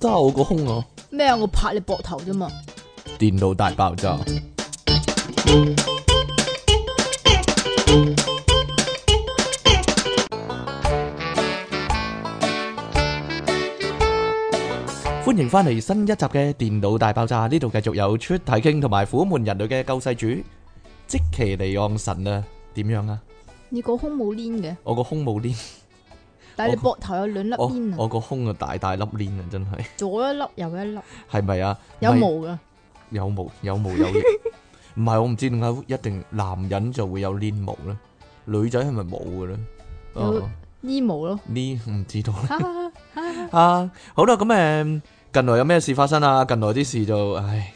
都係我個胸啊！咩啊！我拍你膊頭啫嘛！電腦大爆炸！歡迎翻嚟新一集嘅電腦大爆炸，呢度繼續有出體 king 同埋虎門人類嘅救世主，積淇離岸神啊！點樣啊？你個胸冇攣嘅？我個胸冇攣。但係你膊頭有兩粒鏈啊！我個胸啊大大粒鏈啊，真係左一粒右一粒，係咪啊？有毛噶？有毛有毛有嘢，唔係我唔知點解一定男人就會有鏈毛咧，女仔係咪冇噶咧？黏毛咯？呢唔知道啦。啊，好啦，咁誒，近來有咩事發生啊？近來啲事就唉，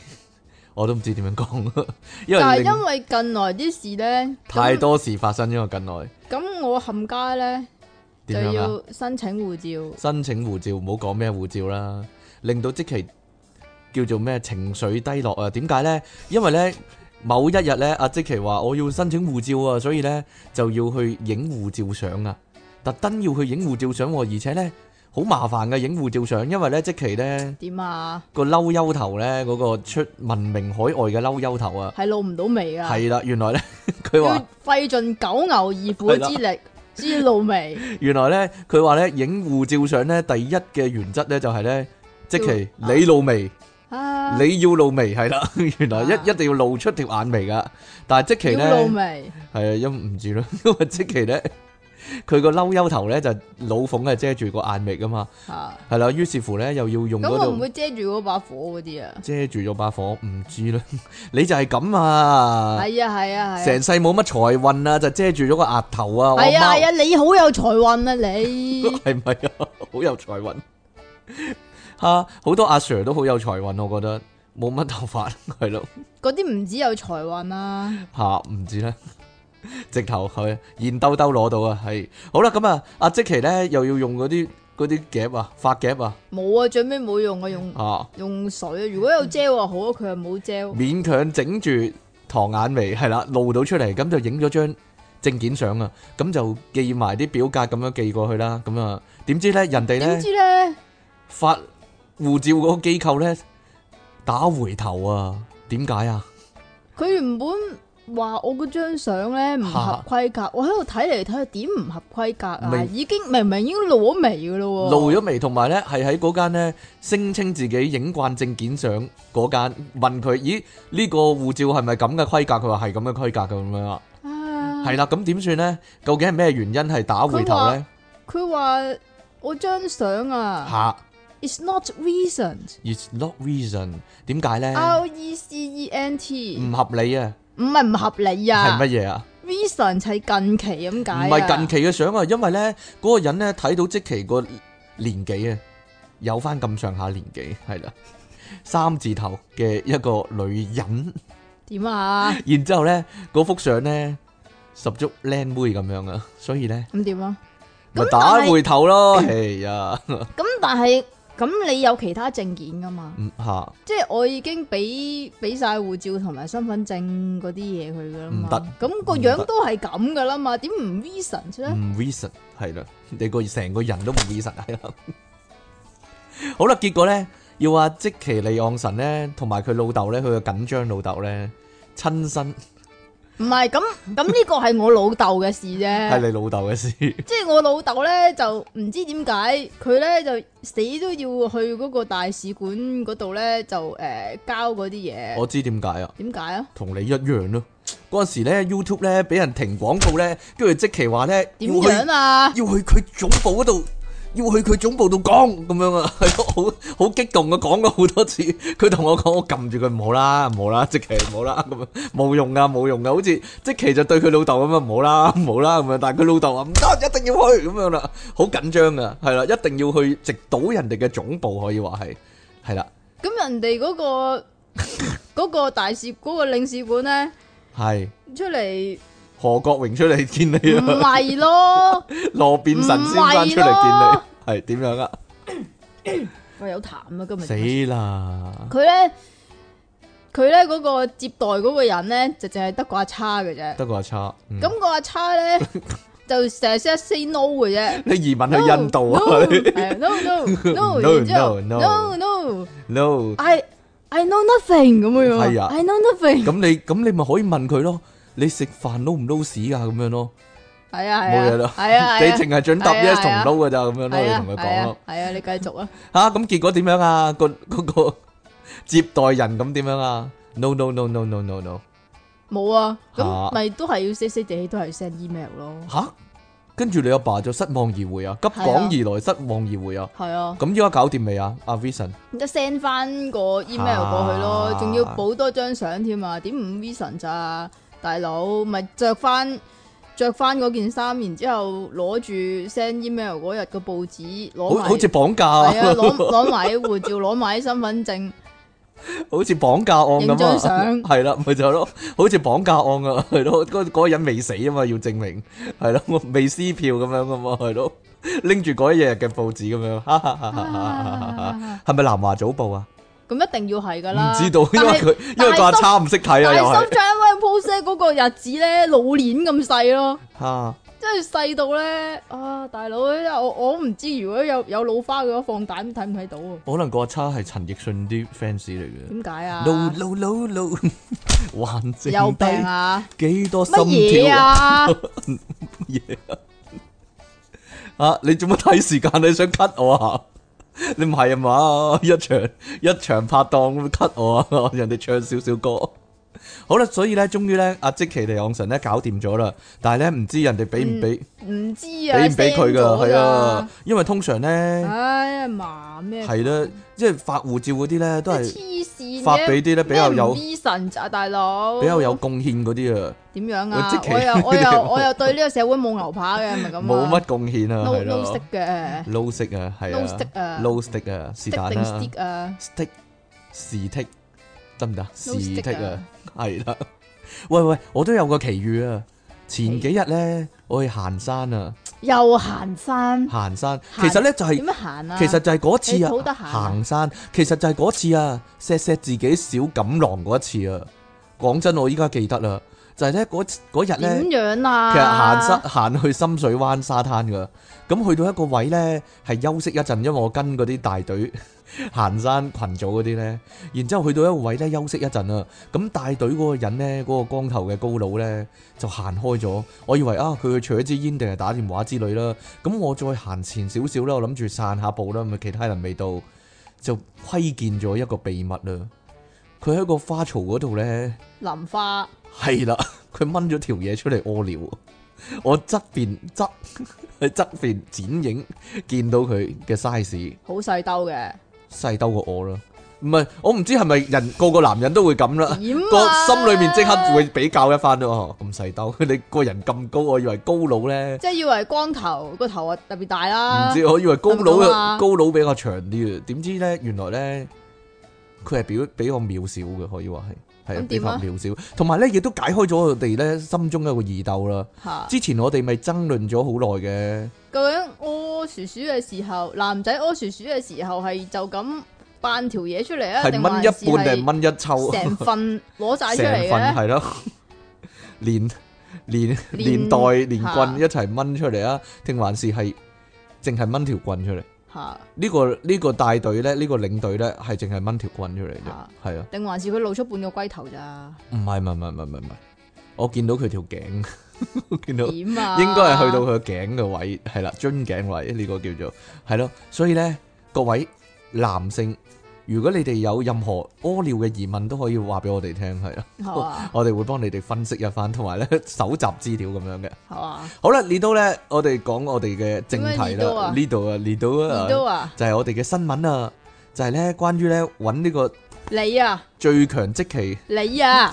我都唔知點樣講，因為但係因為近來啲事咧，太多事發生咗近來。咁我冚街咧？就要申請護照，申請護照，唔好講咩護照啦，令到積淇叫做咩情緒低落啊？點解呢？因為呢某一日呢，阿積淇話我要申請護照啊，所以呢就要去影護照相啊，特登要去影護照相喎、啊，而且呢好麻煩嘅影護照相、啊，因為呢積淇呢點啊個嬲憂頭呢，嗰、那個出聞名海外嘅嬲憂頭啊，係露唔到眉啊，係啦，原來呢，佢 話說要費盡九牛二虎之力。 知露眉。 原來咧，佢話咧，影護照相咧，第一嘅原則咧就係、係、咧，要即其你露眉，啊、你要露眉係啦。原來一、啊、一定要露出條眼眉噶，但係即其咧，露眉，係啊，因唔住咯，因為即其咧。佢個嬲憂頭咧就是，老逢啊遮住個眼眉啊嘛，係啦，啊，於是，是乎咧又要用咁我唔會遮住嗰把火嗰啲啊，遮住咗把火唔知啦，你就係咁啊，係啊係啊係，成世冇乜財運啊，就遮住咗個額頭啊，係啊係啊，你好有財運啊你，係咪 啊，好有財運，吓 好多阿 Sir 都好有財運，我覺得冇乜頭髮係咯，嗰啲唔止有財運啊，吓唔，啊、知啦。 直頭去現兜兜攞到啊，係好啦，咁啊，阿積淇咧又要用嗰啲嗰啲夾啊，髮夾啊，冇啊，最尾冇用啊，用啊，用水啊，如果有遮喎，好啊，佢又冇遮喎，勉強整住唐眼眉係啦，露到出嚟，咁就影咗張證件相啊，咁就寄埋啲表格咁樣寄過去啦，咁啊，點知咧人哋咧，點知咧發護照嗰個機構咧打回頭啊，點解啊？佢原本。話我嗰張相咧唔合規格，我喺度睇嚟睇去點唔合規格啊！已經明明已經露咗眉噶咯，露咗眉同埋咧係喺嗰間咧聲稱自己影慣證件相嗰間，問佢咦呢個護照係咪咁嘅規格？佢話係咁嘅規格咁樣啊，係啦，咁點算咧？究竟係咩原因係打回頭咧？佢話我張相啊，It's not recent，It's not recent，點解咧？R E C E N T 唔合理啊！唔係唔合理啊！係乜嘢啊？recent 喺近期咁解？唔係近期嘅相啊，因為咧嗰個人咧睇到即期個年紀啊，有翻咁上下年紀係啦，三字頭嘅一個女人。點啊？然之後咧嗰幅相咧十足靚妹咁樣啊，所以咧咁點啊？咪打回頭咯，係啊。咁但係。咁你有其他證件噶嘛？嚇、嗯！即係我已經俾俾晒護照同埋身份證嗰啲嘢佢噶啦嘛。唔得行，咁個樣都係咁噶啦嘛，點唔 recent 咧？唔 recent 係啦，你個成個人都唔 recent 係啦。 好啦，結果咧，要話積淇離岸神咧，同埋佢老豆咧，佢個緊張老豆咧，親身。唔係咁咁呢個係我老豆嘅事啫，係 你老豆嘅事。即係我老豆咧就唔知點解，佢咧就死都要去嗰個大使館嗰度咧就誒、呃、交嗰啲嘢。我知點解啊？點解啊？同你一樣咯、啊。嗰陣 時咧 YouTube 咧俾人停廣告咧，跟住積淇話咧點樣啊？要去佢總部嗰度。要去佢總部度講咁樣啊，係好好激動嘅，講咗好多次。佢同我講，我撳住佢唔好啦，唔好啦，即期唔好啦，咁冇用噶，冇用噶，好似即期就對佢老豆咁樣，唔好啦，唔好啦咁樣。但係佢老豆話唔得，一定要去咁樣啦，好緊張啊，係啦，一定要去直到人哋嘅總部可以話係，係啦。咁人哋嗰個嗰個大使嗰個領事館咧，係出嚟。何國榮出嚟見你啊？唔係咯，羅便臣先生出嚟見你，係點樣啊？我有痰啊，今日死啦！佢咧，佢咧嗰個接待嗰個人咧，就淨係得個阿叉嘅啫，得個阿叉，咁個阿叉咧，就成日識 say no 嘅啫。你移民去印度啊！no no no no no no no I I know nothing 咁樣。係啊，I know nothing。咁你咁你咪可以問佢咯。你食飯撈唔撈屎啊？咁樣咯，係啊係，冇嘢啦。你淨係准答一 e s 同撈噶咋？咁樣咯，你同佢講咯。係啊，你繼續啊。吓，咁結果點樣啊？個個接待人咁點樣啊？No no no no no no no，冇啊。咁咪都係要寫寫地都係 send email 咯。吓，跟住你阿爸就失望而回啊，急訪而來失望而回啊。係啊。咁依家搞掂未啊？阿 Vinson，一 send 翻個 email 過去咯，仲要補多張相添啊？點五 Vinson 咋？大佬咪着翻着翻嗰件衫，然之後攞住 send email 嗰日個報紙攞好似綁架啊！攞攞埋啲護照，攞埋啲身份證，好似綁架案咁、嗯、啊！影張相係啦，咪就係咯，好似綁架案樣啊！係咯，嗰嗰個人未死啊嘛，要證明係咯，未撕、啊、票咁樣咁嘛，係咯、啊，拎住嗰一日嘅報紙咁樣，哈哈係咪、啊啊啊啊啊、南華早報啊？咁一定要係噶啦！唔知道，因為佢是因為個阿差唔識睇啊！大但 p o 嗰個日子咧，老年咁細咯，吓、啊，即係細到咧啊，大佬，我我唔知如果有有老花嘅，咗放大睇唔睇到啊？可能個阿叉係陳奕迅啲 fans 嚟嘅。點解啊？no no no no，玩病 低，有病啊？幾多乜嘢啊？乜嘢啊？ 啊，你做乜睇時間？你想 cut 我啊？你唔係啊嘛？一場一場拍檔咁 cut 我啊？人哋唱少少歌。好啦，所以咧，終於咧，阿積淇離岸神咧搞掂咗啦，但係咧，唔知人哋俾唔俾？唔知啊，俾唔俾佢噶？係啊，因為通常咧，哎呀，麻咩？係啦，即係發護照嗰啲咧都係發俾啲咧比較有，啊，大佬，比較有貢獻嗰啲啊？點樣啊？我又我又我又對呢個社會冇牛扒嘅，係咪咁冇乜貢獻啊 low stick 嘅，low stick 啊，係，low stick 啊 low stick 啊，是但 stick 時 tick 得唔得？啊？係啦，喂喂，我都有個奇遇啊！前幾日呢，我去行山啊，又行山，行山，其實呢行就係點樣行啊？其實就係嗰次啊，好得閒行山，其實就係嗰次啊，錫錫自己小錦囊嗰一次啊！講真，我依家記得啦，就係呢嗰日呢，點樣啊？其實行山行去深水灣沙灘噶，咁去到一個位呢，係休息一陣，因為我跟嗰啲大隊。行山群組嗰啲呢，然之後去到一個位呢休息一陣啊，咁帶隊嗰個人呢，嗰個光頭嘅高佬呢，就行開咗，我以為啊佢去除一支煙定係打電話之類啦，咁我再行前少少啦，我諗住散下步啦，咁其他人未到就窺見咗一個秘密啦，佢喺個花槽嗰度呢，淋花係啦，佢掹咗條嘢出嚟屙尿，我側邊側喺側邊剪影見到佢嘅 size，好細兜嘅。細兜過我咯，唔係我唔知係咪人個個男人都會咁啦，個、啊、心裏面即刻會比較一番咯，咁細兜你哋個人咁高，我以為高佬咧，即係以為光頭、個頭啊特別大啦，唔知我以為高佬高佬比較長啲啊，點知咧原來咧佢係表比較渺小嘅，可以話係係比較渺小，同埋咧亦都解開咗我哋咧心中一個疑竇啦。的之前我哋咪爭論咗好耐嘅。究竟屙鼠鼠嘅時候，男仔屙鼠鼠嘅時候係就咁扮條嘢出嚟啊？係掹一半定係掹一抽？成份攞晒出嚟嘅？係咯 連連連袋連棍一齊掹出嚟啊？定還是係淨係掹條棍出嚟？吓，呢個呢個大隊咧，呢個領隊咧，係淨係掹條棍出嚟啫，係啊？定還是佢露出半個龜頭咋？唔係唔係唔係唔係唔係， 我見到佢條頸。見到， You know? 應該係去到佢頸嘅位，係啦，樽頸位呢個叫做係咯，所以咧各位男性，如果你哋有任何屙尿嘅疑問，都可以話俾我哋聽，係啦，好啊， 我哋會幫你哋分析一番，同埋咧搜集資料咁樣嘅，好啊，好啦，呢度咧我哋講我哋嘅正題啦，呢度啊，呢度啊，啊，就係、是、我哋嘅新聞啊，就係、是、咧關於咧揾呢個你啊最強積淇你啊。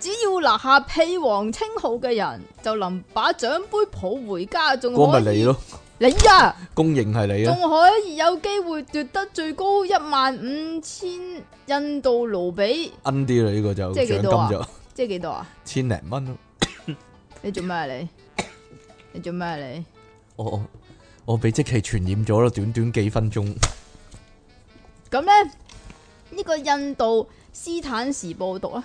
只要拿下屁王稱號嘅人，就能把獎杯抱回家，仲可以贏咯！你啊，公認係你啊，仲可以有機會奪得最高一萬五千印度盧比。奀啲啦，呢、這個就獎金咗。即係幾多啊？千零蚊咯。多 你做咩啊你？ 你做咩啊 你我？我我俾積淇傳染咗啦！短短幾分鐘。咁咧， 呢、這個《印度斯坦時報》讀啊。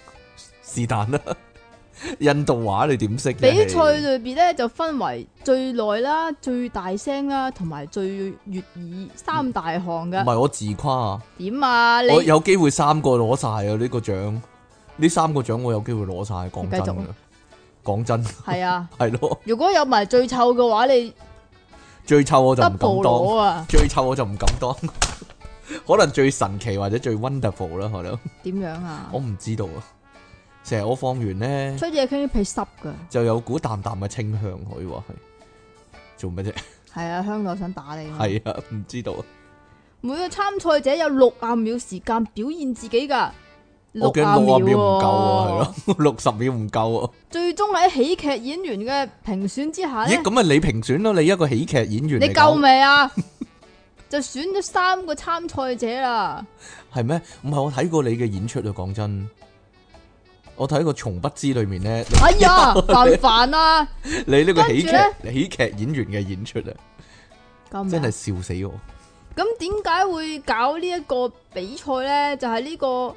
是但啦，印度話你點識？比賽裏邊咧就分為最耐啦、最大聲啦，同埋最悅耳三大項嘅。唔係我自誇啊，點啊？你我有機會三個攞晒、這個、啊！呢個獎，呢三個獎我有機會攞晒。講真，講真係啊，係咯。如果有埋最臭嘅話，你最臭我就唔敢攞啊！最臭我就唔敢當， 可能最神奇或者最 wonderful 啦。可能點樣啊？ 我唔知道啊。成日我放完咧，出嘢傾啲皮濕噶，就有股淡淡嘅清香。佢話係做乜啫？係啊，香港想打你。係啊，唔知道。每個參賽者有六啊秒時間表現自己噶，六啊秒唔夠啊，係咯， 六十秒唔夠啊。最終喺喜劇演員嘅評選之下，咦咁啊？你評選咯？你一個喜劇演員，你夠未啊？ 就選咗三個參賽者啦。係咩？唔係我睇過你嘅演出啊！講真。我睇過從不知裏面咧，哎呀煩煩 啊！ 你呢個喜劇喜劇演員嘅演出啊，天真係笑死我！咁點解會搞呢一個比賽咧？就係、是、呢、這個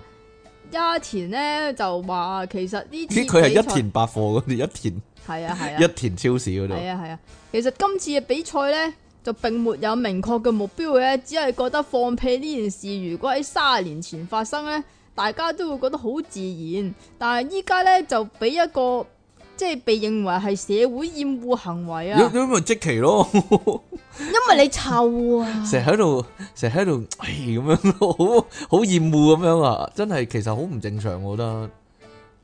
阿田咧就話，其實呢，佢係一田百貨嗰度，一田係啊係啊，啊 一田超市嗰度係啊係啊，啊。其實今次嘅比賽咧，就並沒有明確嘅目標嘅，只係覺得放屁呢件事，如果喺卅年前發生咧，大家都會覺得好自然，但係依家咧就俾一個即係被認為係社會厭惡行為啊！咁咪積淇咯，因為你臭啊，成日喺度成日喺度，咁樣好好厭惡咁樣啊！樣樣真係其實好唔正常，我覺得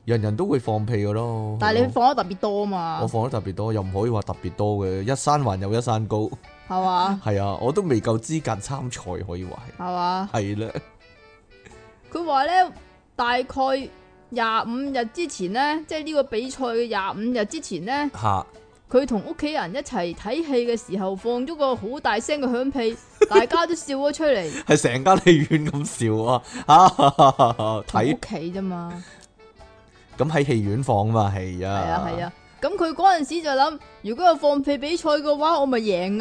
人人都會放屁噶咯。但係你放得特別多啊嘛，我放得特別多又唔可以話特別多嘅，一山還有一山高，係嘛吧？係啊，我都未夠資格參賽，可以話係，係嘛吧？係啦。佢話咧大概廿五日之前呢，即係呢個比賽嘅廿五日之前咧，佢同屋企人一齊睇戲嘅時候放咗個好大聲嘅響屁， 大家都笑咗出嚟，係成間戲院咁笑啊！睇屋企啫嘛，咁喺戲院放嘛，係啊，係啊，啊。咁佢嗰陣時就諗，如果有放屁比賽嘅話，我咪贏硬？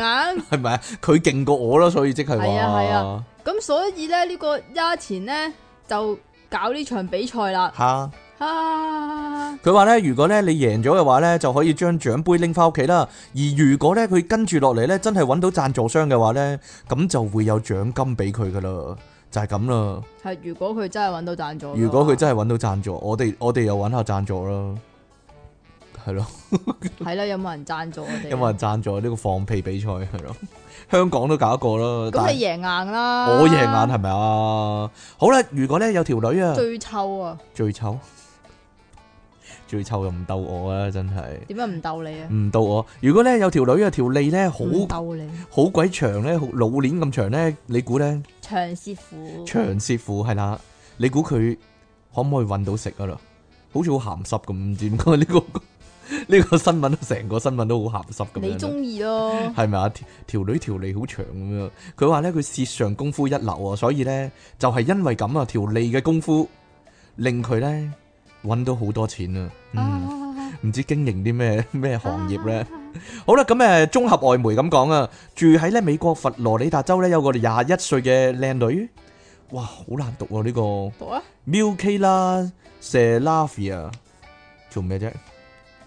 係咪啊？佢勁過我咯，所以即係，係啊，係啊，咁、啊、所以咧呢個押錢呢，就搞呢場比賽啦！吓哈，佢話 呢，如果呢你贏咗嘅話呢，就可以將獎盃拎翻屋企啦。而如果呢佢跟住落嚟呢，真係揾到贊助商嘅話呢，咁就會有獎金俾佢噶啦，就係咁啦。係如果佢真係揾到贊助，如果佢真係揾到贊助，我哋我哋又揾下贊助啦。係咯，係啦。有冇人贊助 有冇人贊助呢個放屁比賽？係咯，香港都搞一個啦。咁你贏硬啦，我贏硬係咪啊？好啦，如果咧有條女啊，最臭啊，最臭，最臭又唔鬥我啊！真係點解唔鬥你啊？唔鬥我。如果咧有條女啊，條脷咧好鬥你，好鬼長咧，老臉咁長咧，你估咧長舌婦？長舌婦係啦，你估佢可唔可以搵到食啊？咯，好似好鹹濕咁，唔知點解呢個。呢個新聞，成個新聞都好鹹濕咁，你中意咯？係咪啊？條女條脷好長咁樣，佢話咧佢舌上功夫一流啊，所以咧就係因為咁、嗯、啊，條脷嘅功夫令佢咧搵到好多錢啊！唔、啊、知經營啲咩咩行業咧？啊啊啊啊、好啦，咁誒綜合外媒咁講啊，住喺咧美國佛羅里達州咧有個廿一歲嘅靚女，哇，好難讀喎、啊、呢、呢個 Milkila s,、啊、Selafia 做咩啫？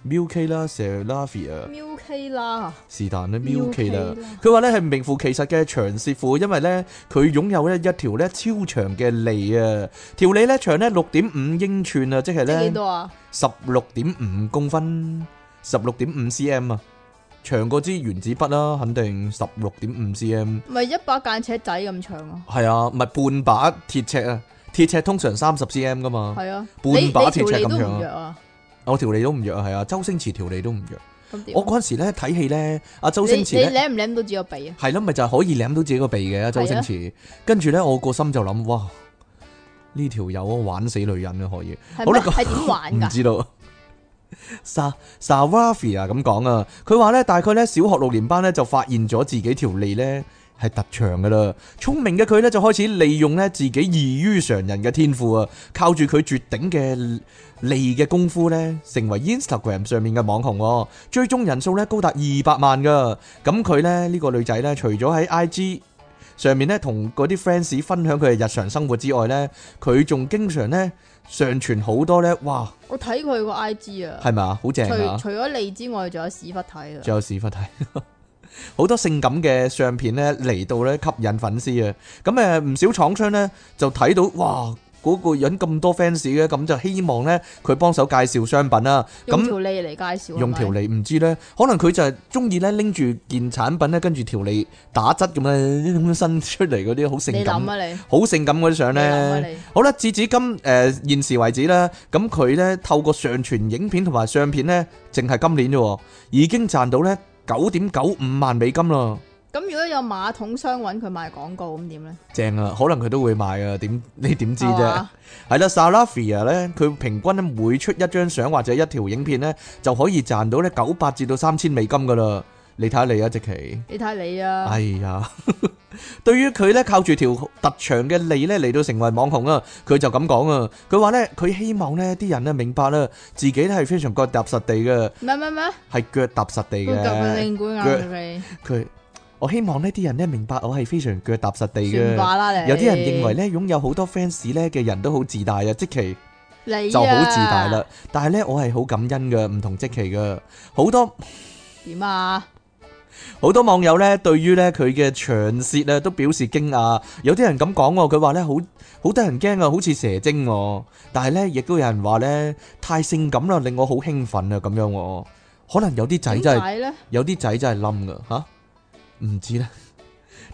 喵 K 啦，蛇拉菲啊！喵 K 啦，是但咧，喵 K 啦。佢話咧係名副其實嘅長舌婦，因為咧佢擁有咧一條咧超長嘅脷啊，條脷咧長咧六點五英寸啊，即係咧十六點五公分，十六點五 cm 啊，長過支原子筆啦，肯定十六點五 cm。唔係一把間尺仔咁長啊？係啊，唔係半把鐵尺啊？鐵尺通常三十 cm 噶嘛？係啊，半把鐵尺咁長啊？我條脷都唔弱，係啊，周星馳條脷都唔弱。我嗰時咧睇戲咧，阿周星馳你舐唔舐到自己個鼻啊？係咯，咪就係、是、可以舐到自己個鼻嘅阿周星馳。跟住咧，我個心就諗，哇！呢條友玩死女人啦，可以。係咪？係點好玩唔 知道。莎莎瓦菲啊，咁講啊，佢話咧，大概咧小學六年班咧就發現咗自己條脷咧。係特長噶啦，聰明嘅佢呢，就開始利用呢自己異於常人嘅天賦啊，靠住佢絕頂嘅利嘅功夫呢，成為 Instagram 上面嘅網紅，追蹤人數呢高達二百萬噶。咁佢呢，呢、呢個女仔呢，除咗喺 IG 上面呢，同嗰啲 fans 分享佢嘅日常生活之外呢，佢仲經常呢，上傳好多呢。哇！我睇佢個 IG 啊，係咪啊？好正！除咗利之外，仲有屎忽睇啊！仲有屎忽睇。 好多性感嘅相片咧嚟到咧吸引粉絲啊！咁誒唔少廠商呢就睇到哇嗰、嗰個人咁多 fans 嘅，咁就希望呢佢幫手介紹商品啦。咁用條脷嚟介紹，用條脷唔知呢，是是可能佢就係中意咧拎住件產品咧跟住條脷打質咁樣伸出嚟嗰啲好性感，你諗啊你好性感嗰啲相呢，啊、好啦，至至今誒、呃、現時為止呢，咁佢呢透過上傳影片同埋相片呢，淨係今年啫，已經賺到呢。九點九五萬美金咯。咁如果有馬桶商揾佢賣廣告，咁點呢？正啊，可能佢都會賣啊。點你點知啫？係啦，Salafia 咧，佢 平均每出一張相或者一條影片呢，就可以賺到咧九百至到三千美金噶啦。你睇下你啊，積淇！你睇下你啊！哎呀，對於佢咧，靠住條特長嘅脷咧嚟到成為網紅啊，佢就咁講啊。佢話咧，佢希望呢啲人咧明白啦，自己咧係非常腳踏實地嘅。咩咩咩？係腳踏實地嘅。咁靚冠眼嘅你，佢我希望呢啲人咧明白我係非常腳踏實地嘅。有啲人認為咧，擁有好多 fans 咧嘅人都好自大啊，積淇。就好自大啦，但係咧我係好感恩噶，唔同積淇噶。好多點啊？好多網友咧，對於咧佢嘅長舌啊，都表示驚訝。有啲人咁講，佢話咧好好得人驚啊，好似蛇精。但係咧，亦都有人話咧太性感啦，令我好興奮啊，咁樣。可能有啲仔真係，有啲仔真係冧噶吓，唔知咧。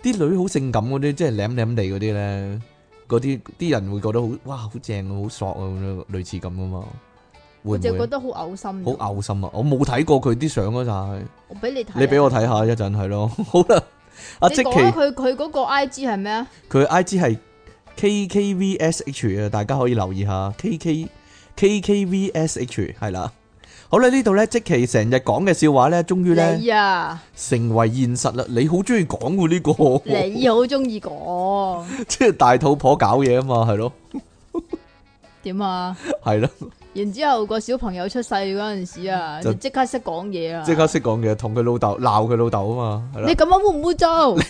啲女好性感嗰啲，即係舐舐地嗰啲咧，嗰啲啲人會覺得好哇，好正啊，好索啊咁樣，類似咁啊嘛。會會我就覺得好嘔心，心，看看 好嘔心啊！我冇睇過佢啲相啊，就係我俾你睇，你俾我睇下一陣係咯。好啦，阿積淇，佢佢嗰個 I G 係咩啊？佢 I G 係 K K V S H 啊，大家可以留意下 K K K K V S H 係啦。好啦，呢度咧積淇成日講嘅笑話咧，終於咧，啊、成為現實啦！你好中意講噶呢個，你好中意講，即係 大肚婆搞嘢啊嘛，係咯？點 啊？係咯。 然之後個小朋友出世嗰陣時啊，就即刻識講嘢啦，即刻識講嘢，同佢老豆鬧佢老豆啊嘛，係啦。你咁樣污唔污糟？你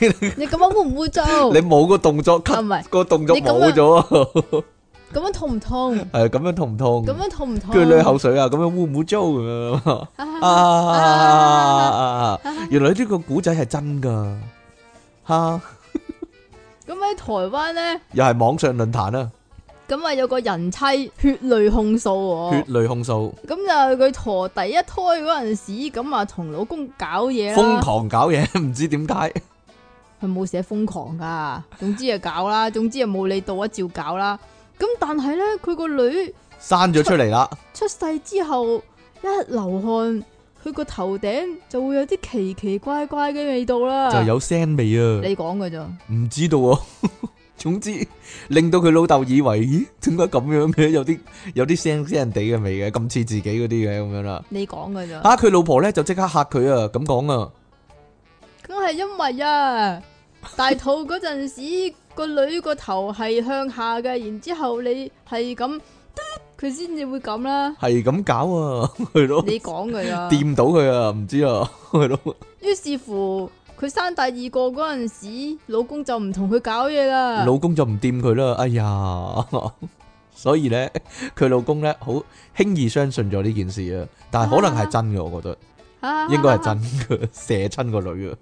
咁樣污唔污糟？你冇個動作吸，個動作冇咗。咁樣痛唔痛？係咁樣痛唔痛？咁樣痛唔痛？佢流口水啊！咁樣污唔污糟咁啊？啊啊啊啊啊！原來呢個古仔係真噶，吓。咁喺台灣咧，又係網上論壇啊。咁啊、嗯，有個人妻血淚控訴，血淚控訴，咁就係佢陀第一胎嗰陣時，咁啊，同老公搞嘢啦，瘋狂搞嘢，唔知點解，佢冇寫瘋狂噶，總之啊，搞啦， 總之啊，冇你到一照搞啦。咁但係咧，佢個女生咗出嚟啦，出世之後一流汗，佢個頭頂就會有啲奇奇怪怪嘅味道啦，就有腥味啊，你講噶咋，唔知道啊。 總之令到佢老豆以為，咦，點解咁樣嘅， 有啲有啲腥腥人哋嘅味嘅，咁似自己嗰啲嘅咁樣啦。你講嘅咋？嚇佢、啊、老婆咧就即刻嚇佢啊！咁講啊，咁係因為啊，大肚嗰陣時個 女個頭係向下嘅，然之後你係咁，佢先至會咁啦。係咁搞啊，係咯？ 你講佢咋？掂到佢啊，唔知啊，係咯？於是乎。佢生第二個嗰陣時，老公就唔同佢搞嘢啦。老公就唔掂佢啦。哎呀， 所以呢，佢老公呢好輕易相信咗呢件事啊。但係可能係真嘅，我覺得、啊、應該係真嘅、啊、 射親個女嘅。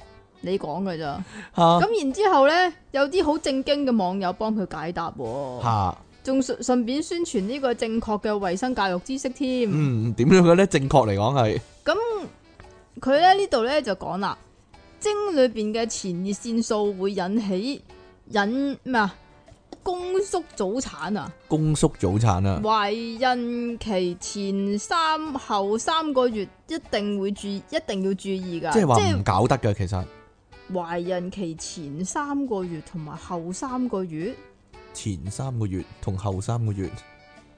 你講嘅咋？咁然之後呢，有啲好正經嘅網友幫佢解答、啊，吓仲順順便宣傳呢個正確嘅衛生教育知識添。嗯，點樣嘅呢？正確嚟講係咁，佢咧呢度呢就講啦。 精裏邊嘅前列腺素會引起引咩啊？宮縮早產啊？宮縮早產啊？懷孕期前三後三個月一定會注意，一定要注意噶，即係話唔搞得噶其實。懷孕期前三個月同埋後三個月，前三個月同後三個月。唔係，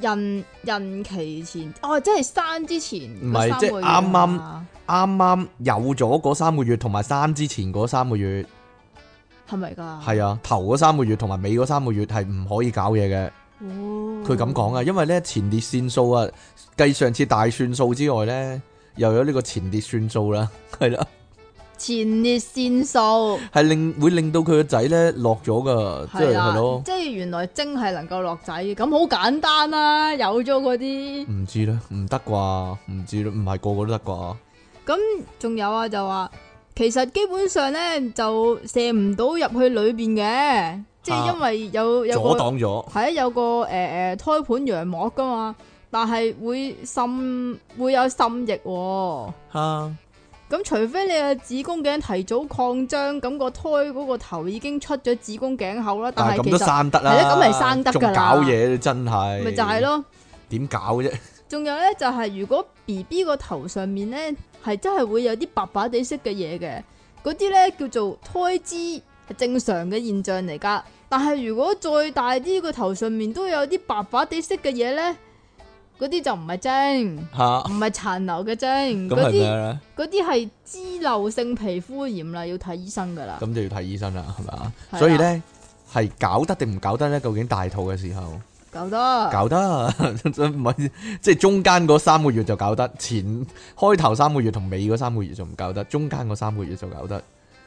孕期孕期前哦，即係生之前。唔係，即係啱啱啱啱有咗嗰三個月，同埋是嗎生之前嗰三個月，係咪噶？係啊，頭嗰三個月同埋尾嗰三個月係唔可以搞嘢嘅。哦，佢咁講啊，因為咧前列腺素啊，計上次大算數之外咧，又有呢個前列腺素啦，係啦。前列腺素係令，會令到佢個仔咧落咗噶，即係係咯，即係原來精係能夠落仔嘅，咁好簡單啦，有咗嗰啲唔知啦，唔得啩，唔知啦，唔係個個都得啩。咁仲有啊，就話其實基本上咧就射唔到入去裏邊嘅，即係因為有有個阻擋咗，係有個誒誒胎盤羊膜噶嘛，但係會滲，會有滲液吓。咁除非你嘅子宮頸提早擴張，咁個胎嗰個頭已經出咗子宮頸口啦。但係都生得，係咯，咁咪生得噶仲搞嘢，真係咪就係咯？點搞啫？仲有咧，就係如果 B B 個頭上面咧，係真係會有啲白白哋色嘅嘢嘅，嗰啲咧叫做胎脂，係正常嘅現象嚟噶。但係如果再大啲，個頭上面都有啲白白哋色嘅嘢咧。嗰啲就唔係精，吓，唔係殘留嘅精，嗰啲嗰啲係脂漏性皮膚炎啦，要睇醫生噶啦。咁就要睇醫生啦，係咪？的所以咧，係搞得定唔搞得咧？究竟大肚嘅時候搞得搞得，唔係搞得 即係中間嗰三個月就搞得，前開頭三個月同尾嗰三個月就唔搞得，中間嗰三個月就搞得。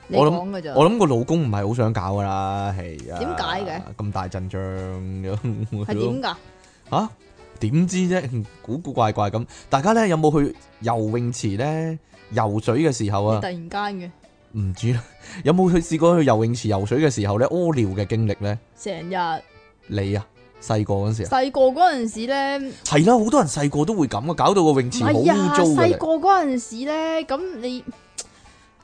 你講我諗我諗個老公唔係好想搞噶啦，係啊？點解嘅？咁大陣仗，係點噶？吓！點知啫，古古怪怪咁，大家咧有冇去游泳池咧游水嘅時候啊？突然間嘅。唔知啦，有冇去試過去游泳池游水嘅時候咧屙尿嘅經歷咧？成日。你啊，細個嗰時啊。細個嗰陣時咧。係啦、啊，好多人細個都會咁啊，搞到個泳池好污糟嘅。細個嗰陣時咧，咁你。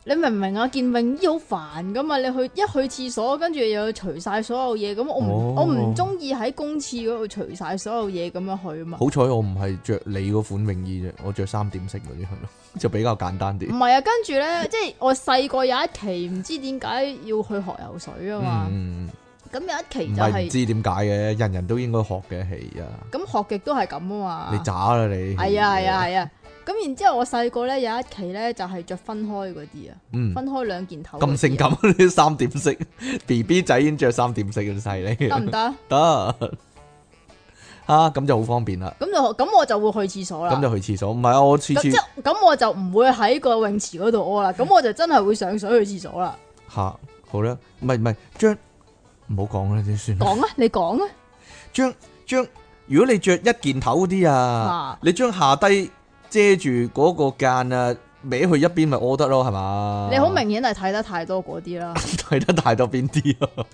你明唔明啊？件泳衣好煩噶嘛，你去一去廁所，跟住又要除晒所有嘢，咁我唔、哦、我唔中意喺公廁嗰度除晒所有嘢咁樣去啊嘛。好彩我唔係着你嗰款泳衣啫，我着三點式嗰啲係咯， 就比較簡單啲。唔係啊，跟住咧，即係我細個有一期唔知點解要去學游水啊嘛。咁、嗯、有一期就係、係、唔知點解嘅，人人都應該學嘅係啊。咁學極都係咁啊嘛。你渣啦你！係啊係啊係啊！咁然之後，我細個咧有一期咧就係着分開嗰啲啊，分開兩件頭。咁性感啲衫點式 B B 仔已經着三點式咁細，你得唔得？得吓咁就好方便啦。咁就咁我就會去廁所啦。咁就去廁所，唔係、啊、我次次咁、就是、我就唔會喺個泳池嗰度屙啦。咁我就真係會上水去廁所啦。吓、啊、好啦，唔係唔係，將唔好講啦，先算。講啊，你講啊，將將如果你着一件頭嗰啲啊，你將下低。遮住嗰個間啊，歪去一邊咪屙得咯，係嘛？你好明顯係睇得太多嗰啲啦，睇 得太多邊啲咯？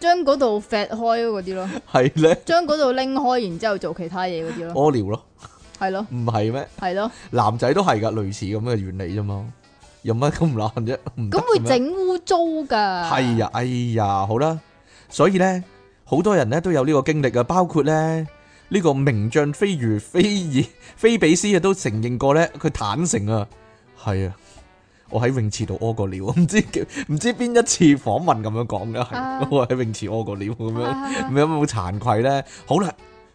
將嗰度撇開嗰啲咯，係咧呢。將嗰度拎開，然之後做其他嘢嗰啲咯。屙尿咯，係咯？唔係咩？係咯。男仔都係噶，類似咁嘅原理啫嘛，有乜咁難啫？咁會整污糟噶？係呀，哎呀，好啦，所以咧，好多人咧都有呢個經歷啊，包括咧。呢個名將飛魚菲爾菲比斯啊，都承認過咧，佢坦誠啊，係啊，我喺泳池度屙過尿，唔知唔知邊一次訪問咁樣講嘅，係、啊、 我喺泳池屙過尿咁樣，有冇慚愧咧？好啦。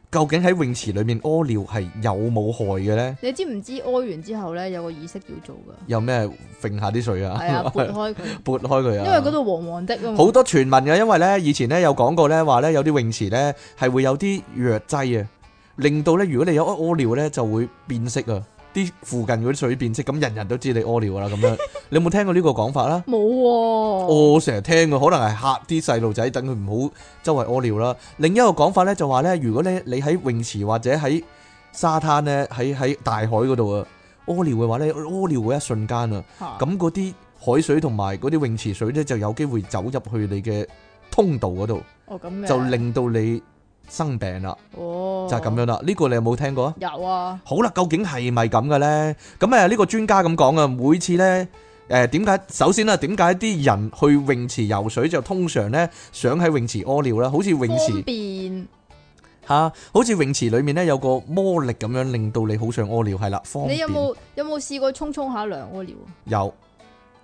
究竟喺泳池裏面屙尿係有冇害嘅咧？你知唔知屙完之後咧，有個儀式要做噶？有咩揈下啲水啊？係 啊，撥開佢，撥開佢啊！因為嗰度黃黃的啊嘛。好多傳聞嘅，因為咧以前咧有講過咧，話咧有啲泳池咧係會有啲藥劑啊，令到咧如果你有屙屙尿咧就會變色啊。啲附近嗰啲水變色，咁人人都知你屙尿啦，咁樣你有冇聽過呢個講法啦？冇喎、 啊，oh, 我成日聽喎，可能係嚇啲細路仔，等佢唔好周圍屙尿啦。另一個講法咧就話咧，如果咧你喺泳池或者喺沙灘咧，喺喺大海嗰度啊，屙尿嘅話咧，屙尿嗰一瞬間啊，咁嗰啲海水同埋嗰啲泳池水咧就有機會走入去你嘅通道嗰度，哦、就令到你，生病啦，哦、就係咁樣啦。呢、呢個你有冇聽過啊？有啊。好啦，究竟係咪咁嘅咧？咁誒，呢個專家咁講啊。每次咧，誒、呃，點解？首先啦，點解啲人去泳池游水就通常咧想喺泳池屙尿啦？好似泳池變吓便、啊，好似泳池裏面咧有個魔力咁樣，令到你好想屙尿。係啦，方你有冇有冇試過沖冲下涼屙尿啊？有，有沖沖，有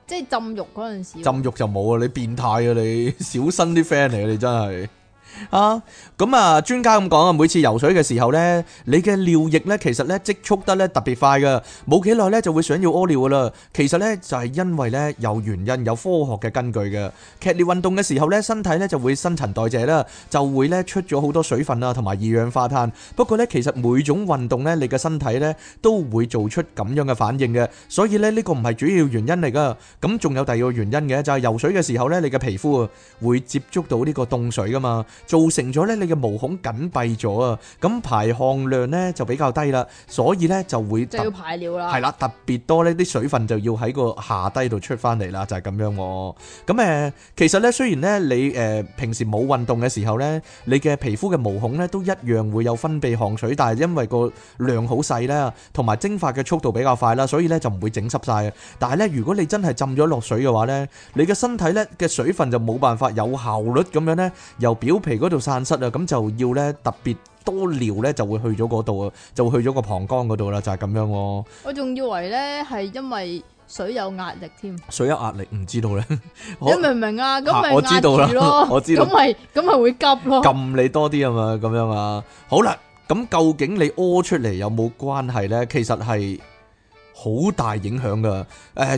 即係浸浴嗰陣時。浸浴就冇啊！你變態啊！你小心啲 friend 嚟啊！你真係。 啊，咁、嗯、啊，專家咁講啊，每次游水嘅時候呢，你嘅尿液呢，其實呢，積蓄得呢，特別快噶，冇幾耐呢，就會想要屙尿噶啦。其實呢，就係因為呢，有原因有科學嘅根據嘅。劇烈運動嘅時候呢，身體呢，就會新陳代謝啦，就會呢，出咗好多水分啊，同埋二氧化碳。不過呢，其實每種運動呢，你嘅身體呢，都會做出咁樣嘅反應嘅，所以呢，呢個唔係主要原因嚟噶。咁仲有第二個原因嘅就係、是、游水嘅時候呢，你嘅皮膚啊會接觸到呢個凍水噶嘛。造成咗咧，你嘅毛孔緊閉咗啊，咁排汗量咧就比較低啦，所以咧就會就要排尿啦，係啦，特別多咧啲水分就要喺個下低度出翻嚟啦，就係咁樣喎。咁誒，其實咧雖然咧你誒平時冇運動嘅時候咧，你嘅皮膚嘅毛孔咧都一樣會有分泌汗水，但係因為個量好細啦，同埋蒸發嘅速度比較快啦，所以咧就唔會整濕曬啊。但係咧，如果你真係浸咗落水嘅話咧，你嘅身體咧嘅水分就冇辦法有效率咁樣咧由表皮。嚟嗰度散失啊，咁就要咧特別多尿咧，就會去咗嗰度啊，就去咗個膀胱嗰度啦，就係咁樣。我仲以為咧係因為水有壓力添，水有壓力唔知道咧。你明唔明 我啊？咁咪我知道啦，咁咪咁咪會急咯，撳你多啲啊嘛，咁樣啊。好啦，咁究竟你屙出嚟有冇關係咧？其實係好大影響噶。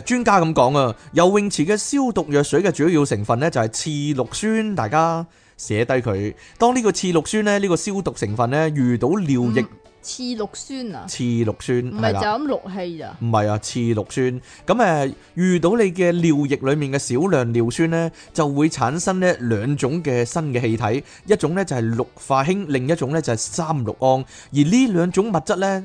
誒，專家咁講啊，游泳池嘅消毒藥水嘅主要成分咧就係次氯酸，大家。寫低佢，當呢個次氯酸咧，呢個消毒成分咧，遇到尿液，嗯、次氯酸啊，次氯酸，唔係就咁氯氣咋，唔係啊，次氯酸，咁、嗯、誒遇到你嘅尿液裏面嘅少量尿酸咧，就會產生咧兩種嘅新嘅氣體，一種咧就係氯化氫，另一種咧就係三氯胺，而呢兩種物質咧。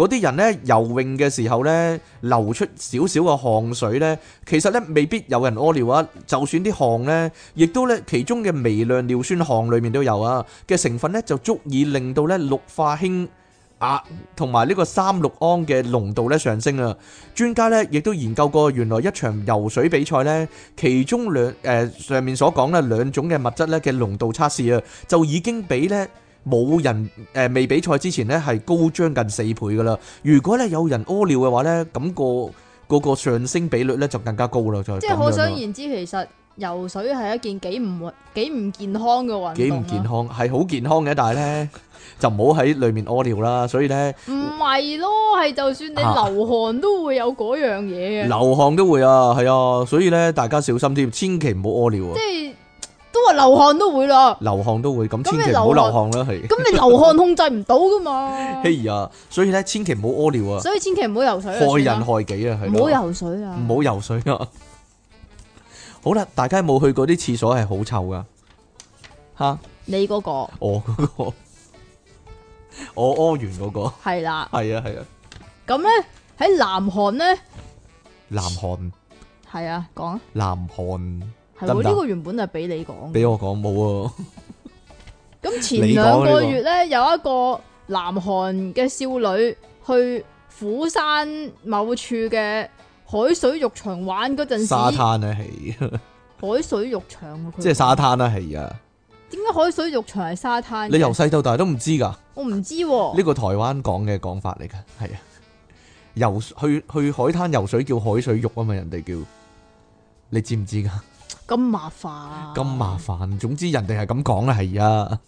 嗰啲人呢游泳嘅時候呢流出少少嘅汗水呢，其實呢未必有人屙尿啊！就算啲汗呢，亦都呢其中嘅微量尿酸汗裡面都有啊嘅成分呢，就足以令到呢氯化氫啊同埋呢個三氯胺嘅濃度呢上升啊！專家呢亦都研究過，原來一場游水比賽呢，其中兩誒上面所講啦兩種嘅物質呢嘅濃度測試啊，就已經畀呢。冇人，誒，未比賽之前咧係高將近四倍噶啦。如果咧有人屙尿嘅話咧，咁個個個上升比率咧就更加高啦。就即係可想而知，其實游水係一件幾唔幾唔健康嘅運動。幾唔健康係好健康嘅，但係咧就唔好喺裏面屙尿啦。所以咧唔係咯，係就算你流汗都會有嗰樣嘢嘅。流汗都會啊，係啊，所以咧大家小心啲，千祈唔好屙尿啊。都話流汗都會啦，流汗都會咁，千祈唔好流汗啦，係咁你流汗控制唔到噶嘛？嘿呀，所以咧千祈唔好屙尿啊！所以千祈唔好游水，害人害己啊！係唔好游水啊！唔好游水啊！好啦，大家冇去過啲廁所係好臭噶吓，你嗰個，我嗰個，我屙完嗰個係啦，係啊係啊，咁咧喺南韓咧，南韓係啊，講啊，南韓。係，呢個原本係俾你講。俾我講冇啊！咁 前兩個月咧，這個、有一個南韓嘅少女去釜山某處嘅海水浴場玩嗰陣時，沙灘咧係海水浴場，即係沙灘啦，係啊！點解海水浴場係沙灘？你由細到大都唔知噶？我唔知呢、啊、 個台灣講嘅講法嚟噶，係啊！游去去海灘游水叫海水浴啊嘛，人哋叫！你知唔知噶？咁麻煩，咁麻煩。總之人哋係咁講啦，係啊，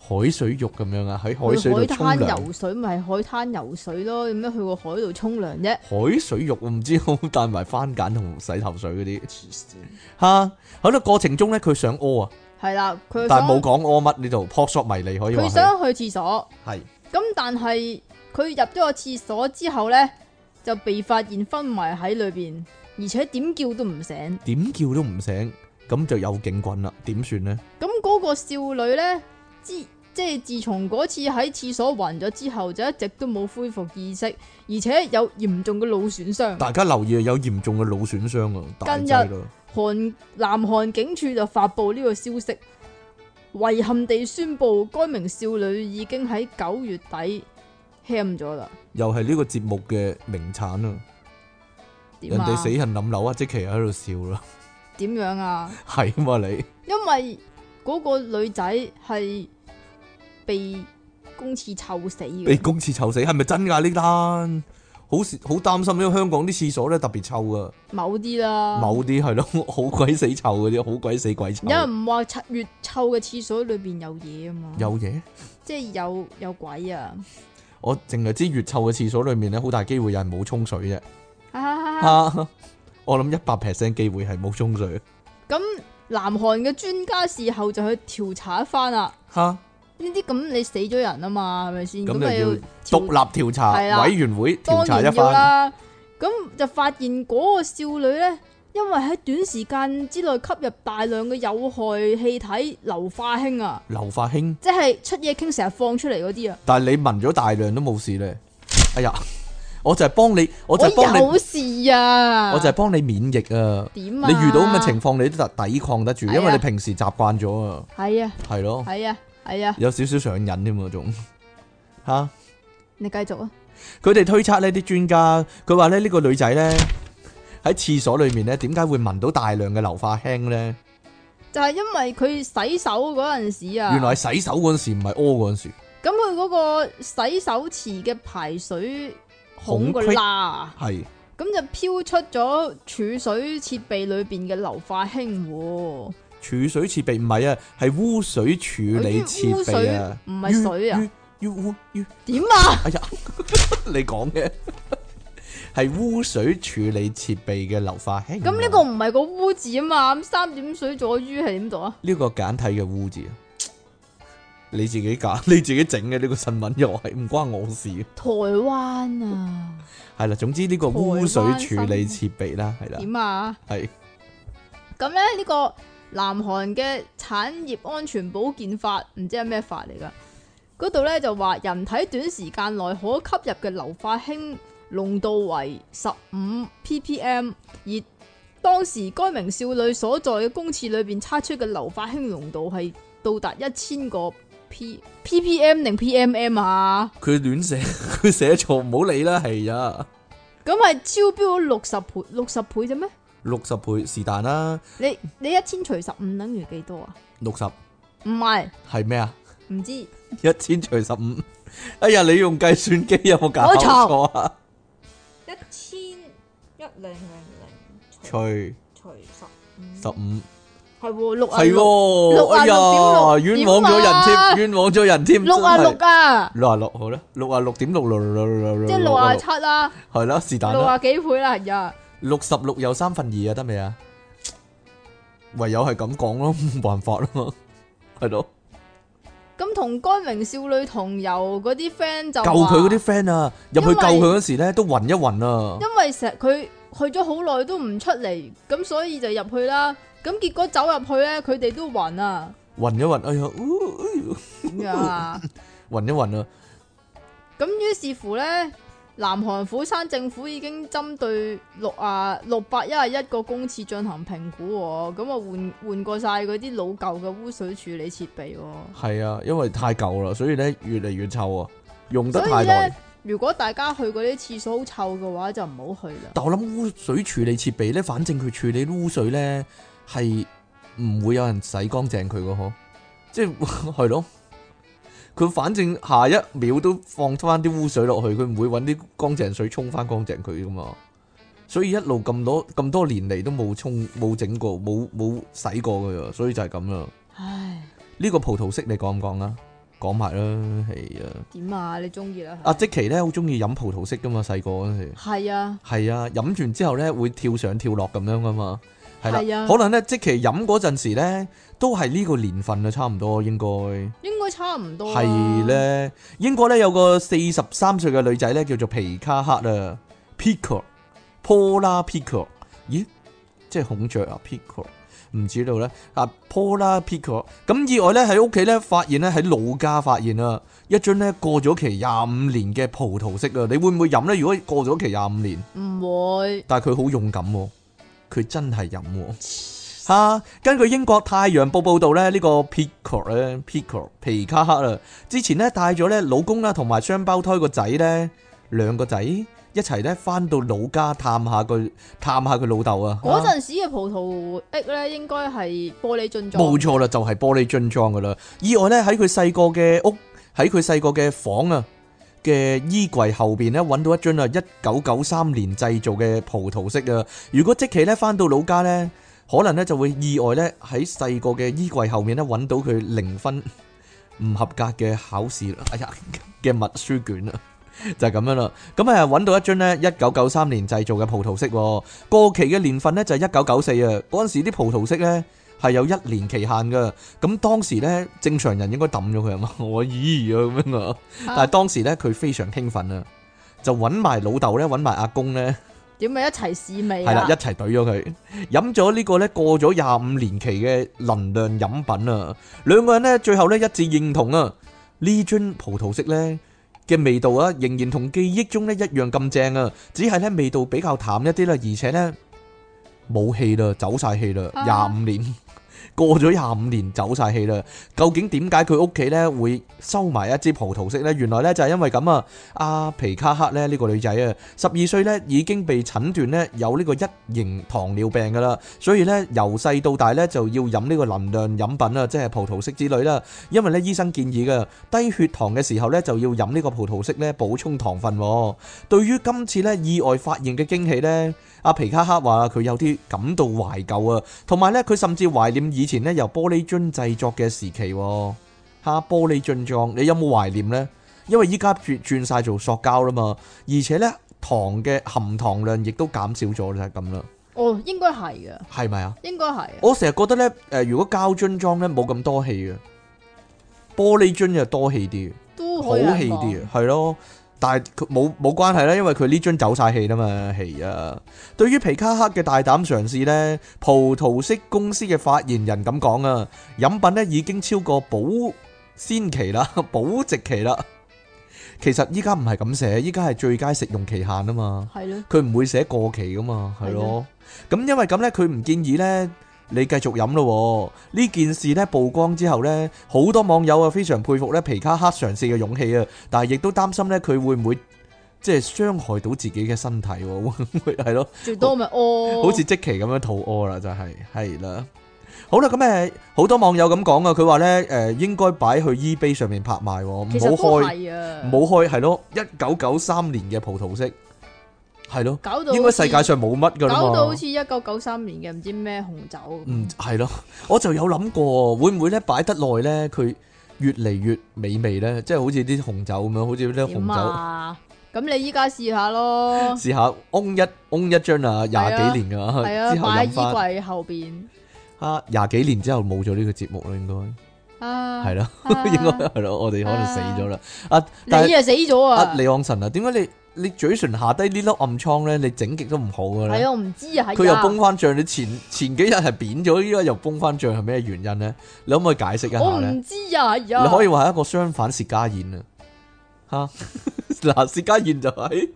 海水浴咁樣啊，喺海水度沖涼，游水咪海灘游水咯，有咩去個海度沖涼啫？海水浴唔知好帶埋番梘同洗頭水嗰啲。黐線吓，喺個過程中咧，佢想屙啊，係啦，佢但係冇講屙乜你就撲朔迷離，可以話佢想去廁所，係咁是，但係佢入咗個廁所之後咧，就被發現昏迷喺裏邊，而且點叫都唔醒，點叫都唔醒。咁就有警棍啦，點算呢？咁嗰個少女呢，之即係自從嗰次喺廁所暈咗之後，就一直都冇恢復意識，而且有嚴重嘅腦損傷。大家留意，有嚴重嘅腦損傷啊！近日韓南韓警署就發佈呢個消息，遺憾地宣布該名少女已經喺九月底輕咗啦。又係呢個節目嘅名產啊！人哋死人冧樓啊，即係喺度笑啦。點樣啊？係嘛你？因為嗰個女仔係被公廁臭死嘅。被公廁臭死係咪真噶啊？呢單好好擔心，因為香港啲廁所咧特別臭啊，某啲啦。某啲係咯，好鬼死臭嘅啫，好鬼死鬼臭。有人唔話越臭嘅廁所裏邊有嘢啊嘛？有嘢，即係有有鬼啊！ 我淨係知越臭嘅廁所裏面咧，好大機會有人冇沖水啫。 我諗一百 percent 機會係冇沖水。咁南韓嘅專家事後就去調查一番啦。吓哈，呢啲咁你死咗人啊嘛，係咪先？咁就要獨立調查委員會調查一番。咁就發現嗰個少女咧，因為喺短時間之內吸入大量嘅有害氣體硫化氫啊。硫化氫，即係出嘢傾成日放出嚟嗰啲啊。但係你聞咗大量都冇事咧。哎呀！我就係幫你，我就幫你。冇事啊！我就係幫你免疫啊！點啊？你遇到咁嘅情況，你都抵抗得住，啊、因為你平時習慣咗啊。係咯啊。係咯。係啊！係啊！有少少上癮添嗰種，吓 。你繼續啊！佢哋推測呢啲專家佢話咧，呢、這個女仔咧喺廁所裏面咧，點解會聞到大量嘅硫化氫咧？就係因為佢洗手嗰陣時啊！原來洗手嗰陣時唔係屙嗰陣時。咁佢嗰個洗手池嘅排水孔個罅，係咁就飄出咗儲水設備裏邊嘅硫化氫。儲水設備唔係啊，係、啊、污水處理設備啊，唔係水，水啊，點啊？哎呀呦， 你講嘅係污水處理設備嘅硫化氫、啊。咁呢個唔係個污字啊嘛，咁三點水左于係點讀啊？呢個簡體嘅污字。你自己搞，你自己整嘅呢個新聞又係唔關我事。台灣啊，係啦， 總之呢個污水處理設備啦，係啦灣，點的啊，係咁咧？呢、呢個南韓嘅產業安全保健法唔知係咩法嚟噶？嗰度呢，就話人體短時間內可吸入嘅硫化氫濃度為十五 ppm，而當時該名少女所在嘅公廁裏邊測出嘅硫化氫濃度係到達一千個。P P P M、MM、定 P M M 啊？佢亂寫，佢寫錯，唔好理啦，係啊！咁係超標六十倍，六十倍啫咩？六十倍是但啦。你你一千除十五等於幾多啊？六十。唔係是。係咩啊？唔知。一千除十五。 哎呀，你用計算機有冇搞錯啊？一千一零零零除除十五十五。係喎六啊，係咯六啊六點六，冤枉咗人添，冤枉咗人添，六啊六啊，六啊六好啦，六啊六點六六六六六，即係六啊七啦，係啦是但啦，六啊幾倍啦，係啊，六十六有三分二啊，得未啊？唯有係咁講咯，冇辦法咯，係咯。咁同干明少女同游嗰啲 friend 就救佢嗰啲 friend 啊，入去救佢嗰時咧都暈一暈啊，因為成日佢去咗好耐都唔出嚟，咁所以就入去啦。咁結果走入去咧，佢哋都暈、哎哦哎、啊！暈 一暈，哎呀，哎呀，暈一暈啊！咁於是乎咧，南韓釜山政府已經針對六啊六百一十一個公廁進行評估，咁啊換換過晒嗰啲老舊嘅污水處理設備。係啊，因為太舊啦，所以咧越嚟越臭啊，用得太耐。如果大家去嗰啲廁所好臭嘅話，就唔好去啦。但我諗污水處理設備咧，反正佢處理污水咧。係唔會有人洗乾淨佢噶，嗬，即係係咯。佢 反正下一秒都放翻啲污水落去，佢唔會搵啲乾淨水沖翻乾淨佢噶嘛。所以一路咁多咁多年嚟都冇沖冇整過冇冇洗過噶，所以就係咁啦。唉，呢個葡萄色你講唔講啊？講埋啦，係啊。點啊？你中意啦？阿、啊、積淇呢好中意飲葡萄色噶嘛，細個嗰時。係啊的。係啊，飲完之後呢，會跳上跳落咁樣噶嘛。係啦，可能咧即期飲嗰陣時咧，都係呢個年份啊，差唔多應該，應該差唔多係咧。英國咧有個四十三歲嘅女仔咧，叫做皮卡克啊，Pickle，Pola Pickle，咦，即係孔雀啊，Pickle，唔知道咧啊，Pola Pickle，咁意外咧喺屋企咧發現咧喺老家發現啊，一樽咧過咗期廿五年嘅葡萄色啊，你會唔會飲咧？如果過咗期廿五年，唔會。但係佢好勇敢，啊。佢真係飲吓。根據英國《太陽報》報導咧，呢、這個皮克咧皮克皮卡克啦，之前咧帶咗咧老公啦同埋雙胞胎個仔咧，兩個仔一齊咧返到老家探下佢，探下佢老豆啊。嗰陣時嘅葡萄適咧應該係玻璃樽裝冇錯啦，就係、是、玻璃樽裝噶啦。意外咧喺佢細個嘅屋，喺佢細個嘅房啊。嘅衣櫃後邊揾到一樽啊，一九九三年製造嘅葡萄色啊！如果即期咧翻到老家呢，可能呢就會意外呢，喺細個嘅衣櫃後面揾到佢零分唔合格嘅考試、哎、呀，嘅 密書卷啊， 就係咁樣啦。咁啊揾到一樽呢，一九九三年製造嘅葡萄色，啊，過期嘅年份呢，就係一九九四啊。嗰陣時啲葡萄色呢。係有一年期限噶，咁當時咧正常人應該抌咗佢啊嘛，我咦啊咁啊，但係當時咧佢非常興奮啊，就揾埋老豆咧，揾埋阿公咧，點咪一齊試味啊？係啦，一齊懟咗佢，飲咗呢個咧過咗廿五年期嘅能量飲品啊，兩個人咧最後咧一致認同啊，呢樽葡萄色咧嘅味道啊，仍然同記憶中咧一樣咁正啊，只係咧味道比較淡一啲啦，而且咧冇氣啦，走晒氣啦，廿五年。過咗廿五年走晒氣啦，究竟點解佢屋企咧會收埋一支葡萄色呢？原來咧就係因為咁啊！阿、啊、皮卡克咧呢個女仔啊，十二歲咧已經被診斷咧有呢個一型糖尿病噶啦，所以咧由細到大咧就要飲呢個能量飲品啊，即係葡萄色之類啦。因為咧醫生建議噶低血糖嘅時候咧就要飲呢個葡萄色咧補充糖分。對於今次咧意外發現嘅驚喜咧，阿、啊、皮卡克話佢有啲感到懷舊啊，同埋咧佢甚至懷念以以前咧由玻璃樽製作嘅時期，吓，玻璃樽裝，你有冇懷念呢？因為依家轉轉晒做塑膠啦嘛，而且呢，糖嘅含糖量亦都減少咗，就係咁啦。哦，應該係嘅。係咪啊？應該係。我成日覺得呢，誒，如果膠樽裝呢，冇咁多氣嘅，玻璃樽就多氣啲，好氣啲啊，係咯。但係佢冇冇關係啦，因為佢呢樽走曬氣啊嘛，係啊。對於皮卡克嘅大膽嘗試咧，葡萄式公司嘅發言人咁講啊，飲品咧已經超過保鮮期啦、保值期啦。其實依家唔係咁寫，依家係最佳食用期限啊嘛。係咯。佢唔會寫過期噶嘛，係咯。咁因為咁咧，佢唔建議咧。你繼續飲咯喎！呢件事咧曝光之後呢，好多網友啊非常佩服咧皮卡克嘗試嘅勇氣啊，但係亦都擔心咧佢會唔會即係傷害到自己嘅身體喎？係 咯了，最多咪屙、哦，好似即期咁樣肚屙啦，就係係啦。好啦，咁誒好多網友咁講啊，佢話呢誒應該擺去 eBay 上面拍賣，唔好開，唔好開係咯，一九九三年嘅葡萄適。係咯，應該世界上冇乜噶啦。搞到好似一九九三年嘅唔知咩紅酒。嗯，係咯，我就有諗過，會唔會咧擺得耐咧佢越嚟越美味咧？即係好似啲紅酒咁樣，好似啲紅酒。點啊？咁你依家試下咯，試下 o 一 o 一樽啊，廿幾年噶，之後飲翻。擺衣櫃後邊。啊，廿幾年之後冇咗呢個節目啦，應該。啊。係咯，應該係咯，我哋可能死咗啦。啊，你啊死咗啊！離岸神啊，點解你？你嘴唇下低呢粒暗瘡咧，你整極都唔好㗎喇。係啊，唔知啊，佢又崩翻脹，你前前幾日係扁咗，依家又崩翻脹，係咩原因咧？你可唔可以解釋一下咧？唔知啊，你可以話係一個相反薛家燕啊！嚇嗱，薛家燕就喺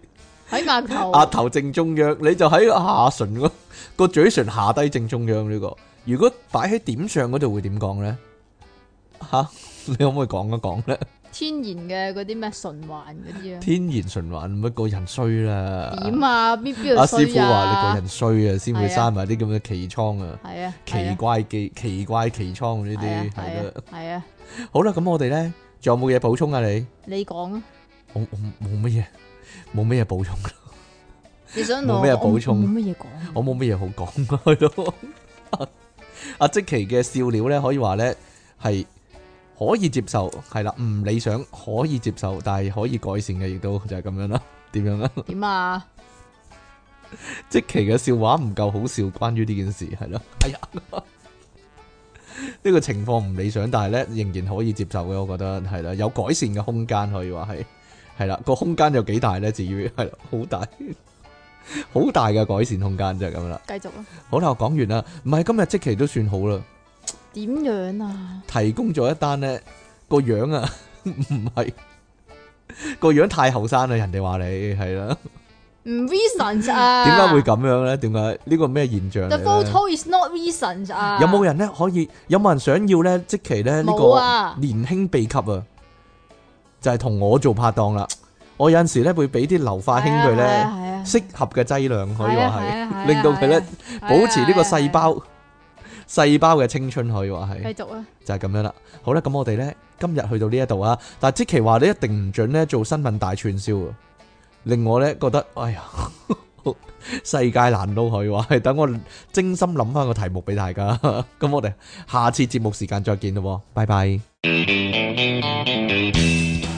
喺額頭，額頭正中央，你就喺下唇個個嘴唇下低正中央呢個。如果擺喺點上嗰度會點講咧？嚇， 你可唔可以講一講咧？天然嘅嗰啲咩循環啲啊，天然循環乜個人衰啦。點啊？阿師傅話你個人衰，對啊，先會生埋啲咁嘅奇瘡啊。係啊，奇怪嘅奇怪奇瘡呢啲係咯。係啊。好啦，咁我哋咧，仲有冇嘢補充啊？你你講啊。我我冇乜嘢，冇乜嘢補充。 你想我講乜嘢補充？冇乜嘢講。我冇乜嘢好講咯。阿積淇嘅笑料咧，可以話咧係。可以接受，係啦，唔理想可以接受，但係可以改善嘅，亦都就係咁樣樣啦。點樣咧？點啊？積淇嘅笑話唔夠好笑，關於呢件事係咯。哎呀，呢 個情況唔理想，但係咧仍然可以接受嘅，我覺得係啦，有改善嘅空間可以話係，係啦個空間有幾大咧？至於係好大，好 大嘅改善空間就係咁樣啦。繼續咯。好啦，我講完啦。唔係今日積淇都算好啦。點樣啊？提供咗一單咧，個樣啊，唔係個樣太後生啦，人哋話你係啦。唔 recent 啊？點解會咁樣咧？點解呢個咩現象咧？The photo is not recent 啊！有冇人咧可以？有冇人想要咧？即期咧呢個年輕秘笈啊，啊就係同我做拍檔啦。我有陣時咧會俾啲硫化氫佢咧，適、啊啊啊、合嘅劑量可以話係，令到佢咧保持呢個細胞、啊。細胞嘅青春可以話係，繼續啊，就係咁樣啦。好啦，咁我哋呢，今日去到呢一度啊。但係積淇話你一定唔准呢做新聞大串燒，令我呢覺得哎呀， 世界難到佢話係，等我精心諗翻個題目俾大家。咁 我哋下次節目時間再見啦，拜拜。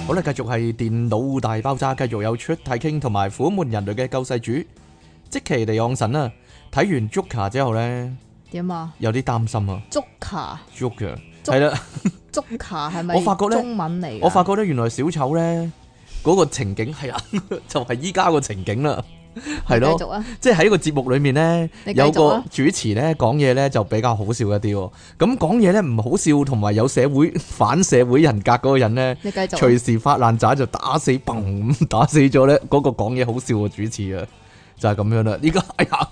好啦，繼續係電腦大爆炸，繼續有出體 king 同埋苦悶人類嘅救世主，積淇離岸神啊，睇完 Joker 之後呢，有點啊？有啲擔心啊 z u c k e r z u c k e 係啦 z u k e 係咪？了是是我發覺咧，中文嚟。我發覺咧，原來小丑咧嗰、那個情景係啊， 就係依家個情景啦。係咯，了即係喺個節目裏面咧，有個主持咧講嘢咧就比較好笑一啲。咁講嘢咧唔好笑，同埋有社會反社會人格嗰個人咧，隨時發爛渣就打死，嘣打死咗咧嗰個講嘢好笑嘅主持啊！就係咁樣啦，依家哎呀，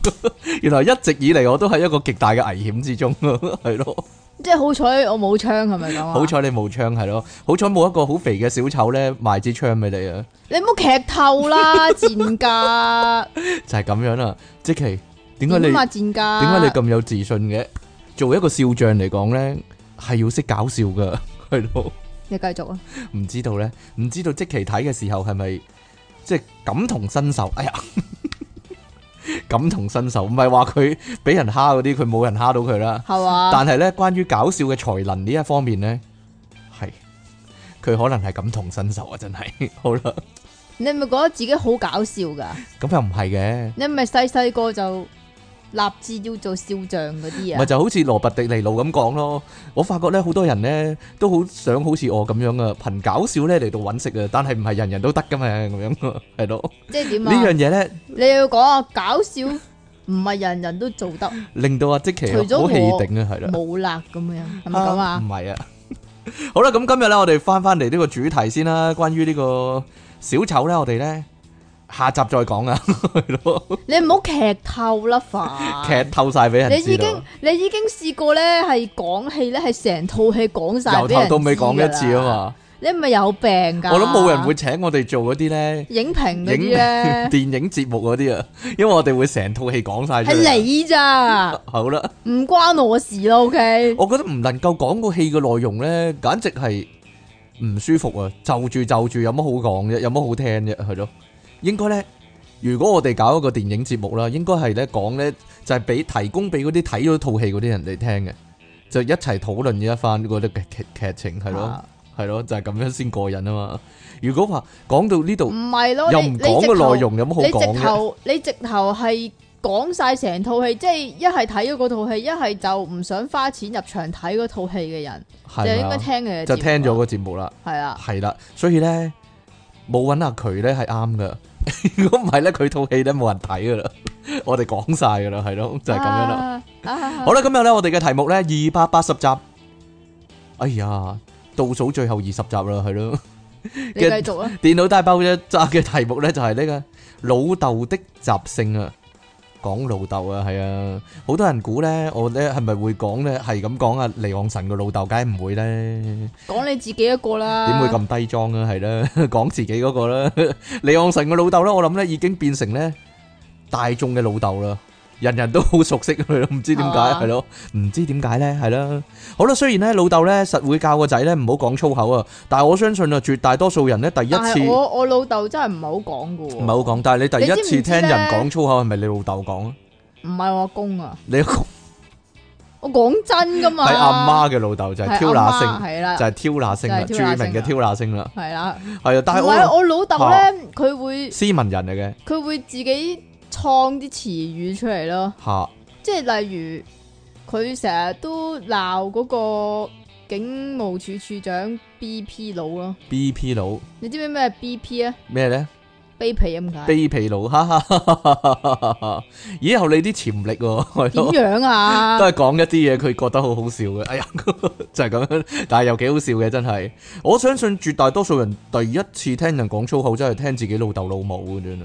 原來一直以嚟我都係一個極大嘅危險之中，係咯，即係好彩我冇槍，係咪咁啊？好彩你冇槍，係咯，好彩冇一個好肥嘅小丑咧賣支槍俾你啊！你唔好劇透啦，賤格就係咁樣啦，積淇點解你點解你咁有自信嘅？做一個笑匠嚟講咧，係要識搞笑噶，係咯？你繼續啊！唔知道咧，唔知道積淇睇嘅時候係咪即係感同身受？哎呀！感同身受，唔係話佢俾人蝦嗰啲，佢冇人蝦到佢啦。係嘛吧？但係咧，關於搞笑嘅才能呢一方面咧，係佢可能係感同身受啊！真係，好啦。你係咪覺得自己好搞笑噶？咁又唔係嘅。你係咪細細個就？立志要做笑匠嗰啲嘢，咪就，就好似羅拔迪尼路咁講咯。我發覺咧，好多人咧都好想好似我咁樣， 樣啊，憑搞笑咧嚟到揾食啊。但係唔係人人都得噶嘛，咁樣係咯。即係點啊？呢樣嘢咧，你要講啊，搞笑唔係人人都做得， 令到阿積淇好氣頂啊。係啦，冇 辣咁類樣係嘛？唔係啊。好啦，咁今日咧，我哋翻翻嚟呢個主題先啦。關於呢個小丑咧，我哋咧。下集再講啊！你唔好劇透啦，煩！ 劇透晒俾人。你已經你已經試過咧，係講戲咧，係成套戲講晒。由頭到尾講一次啊嘛！你係咪有病㗎？我諗冇人會請我哋做嗰啲咧影評呢影啲咧，電影節目嗰啲啊，因為我哋會成套戲講晒。係你咋？ 好啦，唔關我事咯。OK，我覺得唔能夠講個戲嘅內容咧，簡直係唔舒服啊！就住就住，有乜好講啫？有乜好聽啫？係咯？應該咧，如果我哋搞一個電影節目啦，應該係咧，講咧，就係俾提供俾嗰啲睇咗套戲嗰啲人嚟聽嘅，就一齊討論呢一翻嗰啲劇劇情，係咯，係咯，就係咁樣先過癮啊嘛。如果話講到呢度，唔係咯，又唔講個內容，有冇好講？直頭你直頭係講晒成套戲，即係一係睇咗嗰套戲，一係就唔想花錢入場睇嗰套戲嘅人就應該聽嘅，就聽咗個節目啦。係啊，係啦，所以咧冇揾下佢咧係啱噶。如果唔係咧，佢套戲都冇人睇噶啦，我哋講晒噶啦，係咯，就係咁樣啦。好啦，今日咧我哋嘅題目咧二百八十集，哎呀，倒數最後二十集啦，係咯。你繼續啊！電腦大爆炸嘅題目咧就係呢個老豆的習性啊。講老豆啊，係啊，好多人估咧，我咧係咪會講咧，係咁講啊？離岸神個老豆，梗係唔會咧。講你自己一個啦，點會咁低裝啊？係啦，講自己嗰個啦，離岸神個老豆啦，我諗咧已經變成咧大眾嘅老豆啦。人人都好熟悉佢咯，唔知點解係咯，唔知點解咧係啦。好啦，雖然咧老豆咧實會教個仔咧唔好講粗口啊，但係我相信啊，絕大多數人咧第一次，我我老豆真係唔係好講噶，唔係好講，但係你第一次聽人講粗口係咪你老豆講啊？唔係我阿公啊，你我講真噶嘛？係阿媽嘅老豆就係挑拿星，就係挑拿星啦，著名嘅挑拿星啦，係啦，係啊，但係唔係我老豆咧，佢會斯文人嚟嘅，佢會自己。創啲詞語出嚟咯，哈即係例如佢成日都鬧嗰個警務處處長 B P 佬咯，B P 佬，你知唔知咩 B P 啊？咩咧？卑鄙咁解？卑鄙佬，哈哈，哈，哈，哈，哈，哈，哈，以後你啲潛力喎、啊，點樣啊？ 都係講一啲嘢，佢覺得好好笑嘅。哎呀，就係、是、咁樣，但係又幾好笑嘅，真係。我相信絕大多數人第一次聽人講粗口，真係聽自己老豆老母咁樣。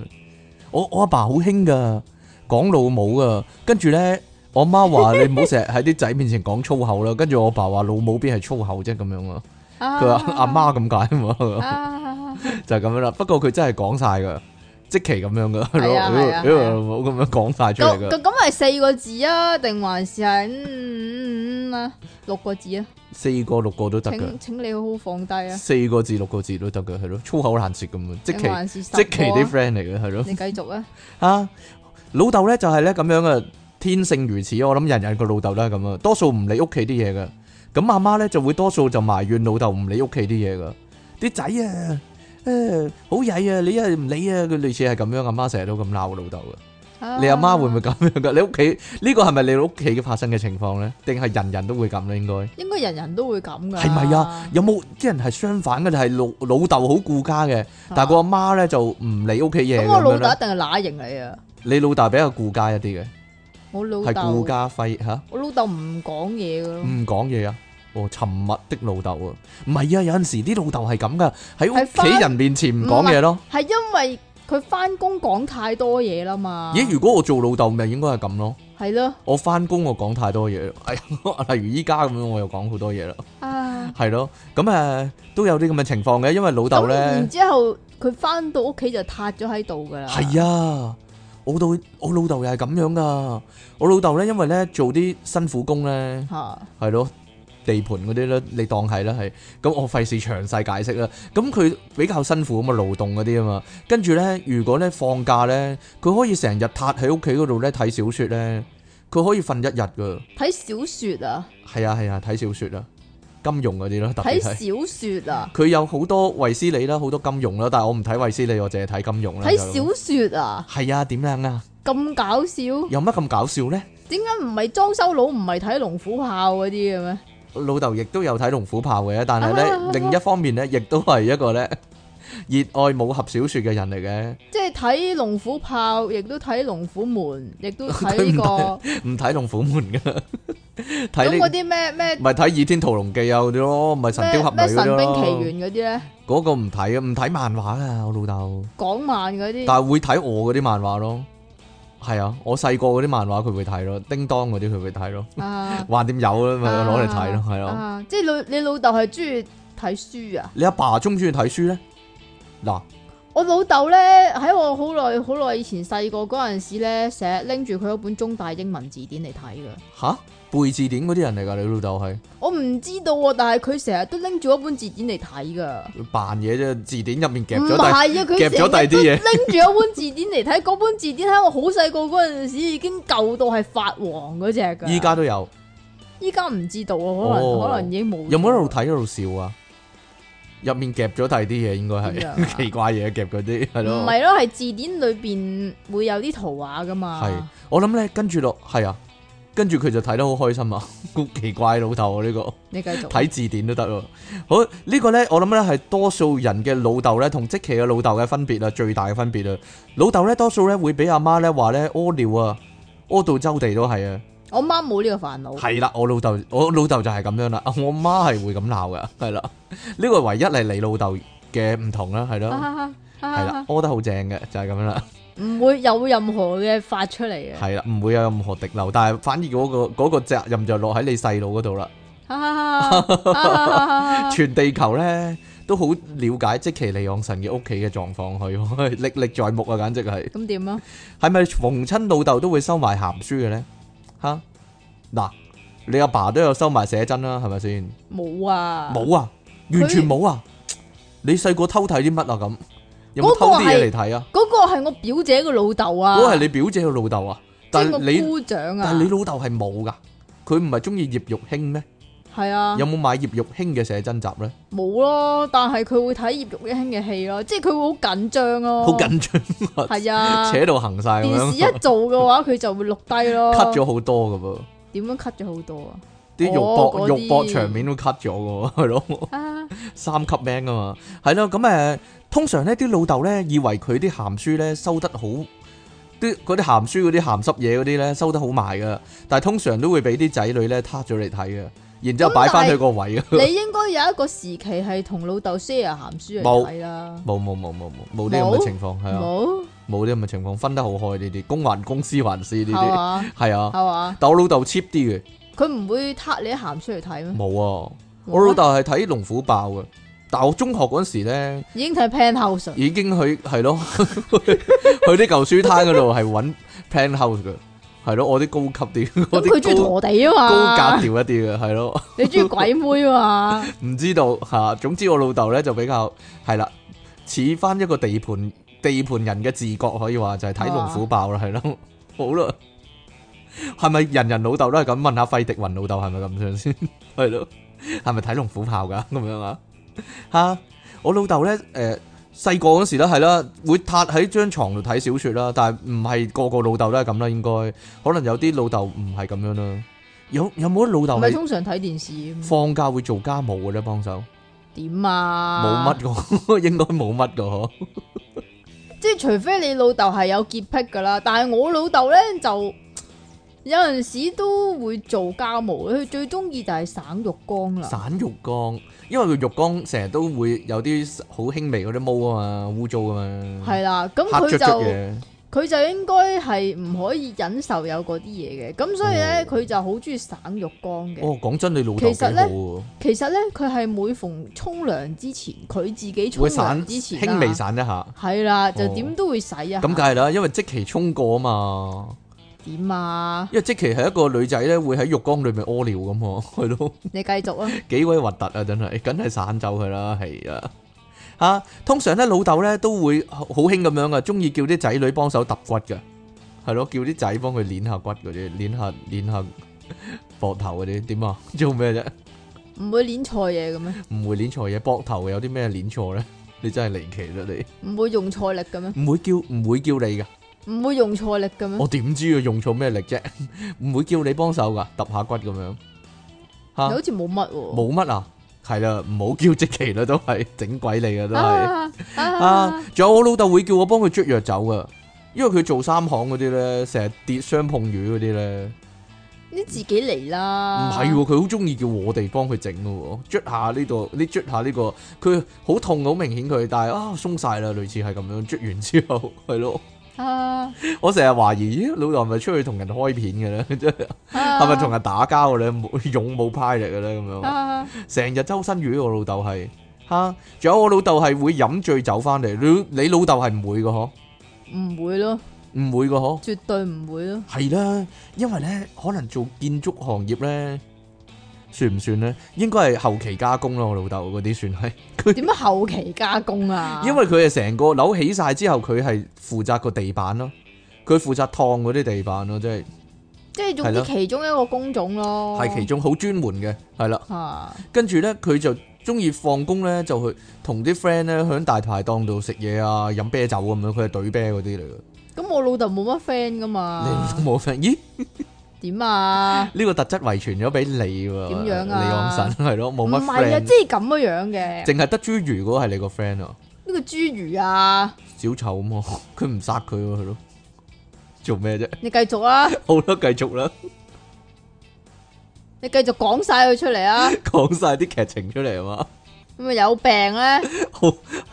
我我阿爸好興噶，講老母噶，跟住咧我媽話 你唔好成日喺啲仔面前講粗口啦，跟住我爸話老母邊係粗口啫咁樣啊，佢話阿媽咁解啊，嘛 就係咁樣啦，啊啊、不過佢真係講晒噶。即其咁樣噶咯，咁樣講曬出嚟噶。咁係四個字啊，定還是係五啊六個字啊？四個六個都得嘅。請你好好放低啊。四個字六個字都得嘅，係咯，粗口難舌咁啊。即其使即其啲 friend 嚟嘅，係咯。你繼續啊。啊，老豆咧就係咧咁樣嘅，天性如此。我諗人人個老豆啦咁啊，多數唔理屋企啲嘢嘅。咁阿媽咧就會多數就埋怨老豆唔理屋企啲嘢嘅。啲仔啊！誒，好曳啊！你啊唔理啊，佢類似係咁樣。阿媽成日都咁鬧老豆噶，你阿媽會唔會咁樣噶？你屋企呢個係咪你屋企發生嘅情況咧？定係人人都會咁咧？應該應該人人都會咁噶？係咪啊？有冇啲人係相反嘅？就係老老豆好顧家嘅，但係個阿媽咧就唔理屋企嘢。咁我老豆一定係乸型嚟啊！你老豆比較顧家一啲嘅，我老係顧家輝吓。我老豆唔講嘢噶咯，唔講嘢啊。哦，沉默的老豆啊，唔係啊，有陣時啲老豆係咁噶，喺屋企人面前唔講嘢咯。係因為佢翻工講太多嘢啦嘛。咦？如果我做老豆，咪應該係咁咯。係咯。我翻工我講太多嘢，係例如依家咁樣，我又講好多嘢啦。啊，係咯，咁誒都有啲咁嘅情況嘅，因為老豆咧。然之後佢翻到屋企就塌咗喺度噶啦。係啊，我到我老豆又係咁樣噶。我老豆咧，因為咧做啲辛苦工咧，係咯。地盤嗰啲咧，你當係啦，係。咁我費事詳細解釋啦。咁佢比較辛苦咁嘅勞動嗰啲啊嘛，跟住咧，如果咧放假咧，佢可以成日攤喺屋企嗰度咧睇小説咧，佢可以瞓一日噶。睇小説啊？係啊係啊，睇小説啊，金融嗰啲咯。睇小説啊？佢有好多衛斯理啦，好多金融啦，但係我唔睇衛斯理，我淨係睇金融啦。睇小説啊？係啊，點樣啊？咁搞笑？有乜咁搞笑咧？點解唔係裝修佬唔係睇《龍虎豹》嗰啲嘅咩？老豆亦都有睇龍虎豹嘅，但係咧另一方面咧，亦都係一個咧熱愛武俠小説嘅人嚟嘅。即係睇龍虎豹，亦都睇龍虎門，亦都睇呢個。唔睇龍虎門噶。睇嗰啲咩咩，唔係睇《倚天屠龍記》啊啲咯，唔係《神雕俠侶》咯。神兵奇緣嗰啲咧？嗰個唔睇嘅，唔睇漫畫噶，我老豆。講漫嗰啲。但係會睇我嗰啲漫畫咯。係啊，我細個嗰啲漫畫佢會睇咯，叮噹嗰啲佢會睇咯，話點有咧，咪攞嚟睇咯，係咯。即係老你老豆係中意睇書啊？你阿爸中唔中意睇書咧？嗱，我老豆咧喺我好耐好耐以前細個嗰陣時咧，成日拎住佢一本中大英文字典嚟睇㗎。吓、啊？背字典嗰啲人嚟噶，你老豆係？我唔知道喎，但係佢成日都拎住一本字典嚟睇噶。扮嘢啫，字典入面夾咗，唔係啊！佢夾咗第啲嘢，拎住一本字典嚟睇，嗰本字典喺我好細個嗰陣時已經舊到係發黃嗰隻噶。依家都有，依家唔知道啊，可能可能已經冇。有冇喺度睇喺度笑啊？入面夾咗第啲嘢，應該係奇怪嘢夾嗰啲，係咯？唔係咯？係字典裏邊會有啲圖畫噶嘛？係我諗咧，跟住咯，係啊。跟住佢就睇得好開心啊！好 奇怪老豆啊，呢、這個你繼續睇 字典都得咯。好、這個、呢個咧，我諗咧係多數人嘅老豆咧，同積淇嘅老豆嘅分別啦、啊，最大嘅分別啦、啊。老豆咧多數咧會俾阿媽咧話咧屙尿啊，屙到周地都係啊。我媽冇呢個煩惱。係啦，我老豆我老豆就係咁樣，、啊、咁樣啦。我媽係會咁鬧噶，係啦。呢個唯一嚟你老豆嘅唔同、啊、啦，係咯，係啦，屙得好正嘅，就係、是、咁樣啦、啊。唔會有任何嘅發出嚟嘅，係啦，唔會有任何滴漏，但係反而嗰個嗰個責任就落喺你細佬嗰度啦。哈哈哈哈 全地球咧都好了解，即積淇離岸神嘅屋企嘅狀況，佢歷歷在目啊，簡直係。咁點啊？係咪 逢親老豆都會收埋咸書嘅咧？吓 嗱、啊，你阿爸、爸都有收埋寫真啦，係咪先？冇啊！冇啊！完全冇啊！他你細個偷睇啲乜啊咁？嗰個係嗰個係我表姐嘅老豆啊！嗰個係你表姐嘅老豆啊！即係個姑長啊！但係你老豆係冇噶，佢唔係中意葉玉卿咩？係啊！有冇買葉玉卿嘅寫真集咧？冇咯，但係佢會睇葉玉卿嘅戲咯，即係佢會好緊張咯，好緊張，係啊！扯到行晒，電視一做嘅話，佢就會錄低咯，cut 咗好多噶噃。點樣 cut 咗好多啊？啲肉搏，肉搏場面都 cut 咗噶，係咯，三級 man 噶嘛？係咯，咁誒。通常呢啲老豆呢，爸爸以為佢啲鹹書咧收得好，啲嗰啲鹹書嗰啲鹹濕嘢嗰啲咧收得好埋噶，但係通常都會俾啲仔女呢，撻咗嚟睇嘅，然之後擺翻去個位。你應該有一個時期係同老豆 share 鹹書嚟睇？冇冇冇冇冇冇啲咁嘅情況係啊，冇冇啲咁嘅情況，分得好開呢啲公還公，私還私呢啲，係啊嗎，係嘛，嗎但我老豆 cheap 啲嘅，佢唔會撻你鹹書嚟睇咩？冇啊，我老豆係睇龍虎豹嘅。大學中學嗰時咧，已經係 Penthouse 啦，已經去係咯， 去啲舊書攤嗰度係搵 Penthouse 嘅，係咯，我啲高級啲，佢中意陀地啊嘛，高格調一啲嘅係咯，你中意鬼妹嘛，啊？唔 知道吓，總之我老豆咧就比較係啦，似翻一個地盤地盤人嘅自覺可以話就係睇龍虎豹啦，係咯，哇 好啦，係咪人人老豆都係咁問下費迪雲老豆係咪咁樣先？係咯，係咪睇龍虎豹噶咁樣啊？ 吓、啊、我老豆咧，誒細個嗰時都係啦，會塌喺張床度睇小說啦，但係唔係個個老豆都係咁啦，應該可能有啲老豆唔係咁樣啦。有有冇啲老豆唔係通常睇電視？放假會做家務嘅咧，幫手點啊？冇乜，應該冇乜嘅。即係除非你老豆係有潔癖噶啦，但係我老豆咧就有陣時都會做家務，佢最中意就係省浴缸啦，省浴缸。因為佢浴缸成日都會有啲好輕微嗰啲毛啊嘛，污糟啊嘛，係啦，咁佢就佢就應該係唔可以忍受有嗰啲嘢嘅，咁所以咧佢、哦、就好中意省浴缸嘅。哦，講真你老豆其實咧，其實咧佢係每逢沖涼之前，佢自己沖涼之前輕微散一下，係啦、嗯，就點都會洗一下。咁梗係啦，因為即期沖過啊嘛。點啊？因為積淇係一個女仔咧，會喺浴缸裏面屙尿咁，喎，係咯。你繼續啊。幾鬼核突啊！真係，梗係散走佢啦，係啊。吓，通常咧老豆咧都會好興咁樣噶，中意叫啲仔女幫手揼骨噶，係咯，叫啲仔幫佢捻下骨嗰啲，捻下捻下膊頭嗰啲，點啊？做咩啫？唔會捻錯嘢噉咩？唔會捻錯嘢，膊頭有啲咩捻錯咧？你真係離奇啦，你。唔會用錯力噉咩？唔會叫唔會叫你噶。唔會用錯力噶咩？我點知啊？用錯咩力啫？唔會叫你幫手噶，揼下骨咁樣。你好似冇乜喎？冇乜啊？係啦、啊，唔好叫積淇啦，都係整鬼你噶都係啊！仲、啊、 有我老豆會叫我幫佢捽藥酒噶，因為佢做三行嗰啲咧，成日跌傷碰瘀嗰啲咧。你自己嚟啦。唔係，佢好中意叫我哋幫佢整噶喎，捽下呢度，你捽下呢個，佢好、這個、痛，好明顯佢，但係啊鬆晒啦，類似係咁樣捽完之後，係咯。 啊！我成日懷疑，咦，老豆係咪出去同人開片嘅咧？係咪同人打交嘅咧？勇武派嚟嘅咧？咁樣，成日周身瘀。我老豆係，吓，仲有我老豆係會飲醉酒翻嚟。你你老豆係唔會嘅嗬？唔會咯？唔會嘅嗬？絕對唔會咯？係啦，因為咧，可能做建築行業咧。算唔算咧？應該係後期加工咯，我老豆嗰啲算係佢，點解後期加工啊？ 因為佢係成個樓起晒之後，佢係負責個地板咯，佢負責燙嗰啲地板咯，即係即係總之其中一個工種咯，係其中好專門嘅，係啦。啊！跟住咧，佢就中意放工咧，就去同啲 friend 咧響大排檔度食嘢啊，飲啤酒咁樣，佢係兌啤嗰啲嚟嘅。咁我老豆冇乜 friend 噶嘛？你冇 friend？咦？ 點啊？呢個特質遺傳咗俾你喎，點樣啊？你阿嬸係咯，冇乜唔係啊，即係咁樣樣嘅，淨係得侏儒嗰係你個 friend 啊？呢個侏儒啊，小丑啊嘛，佢唔殺佢係咯，做咩啫？你繼續啊，好啦，繼續啦，你繼續講晒佢出嚟啊，講晒啲劇情出嚟啊嘛，咁咪有病咧？好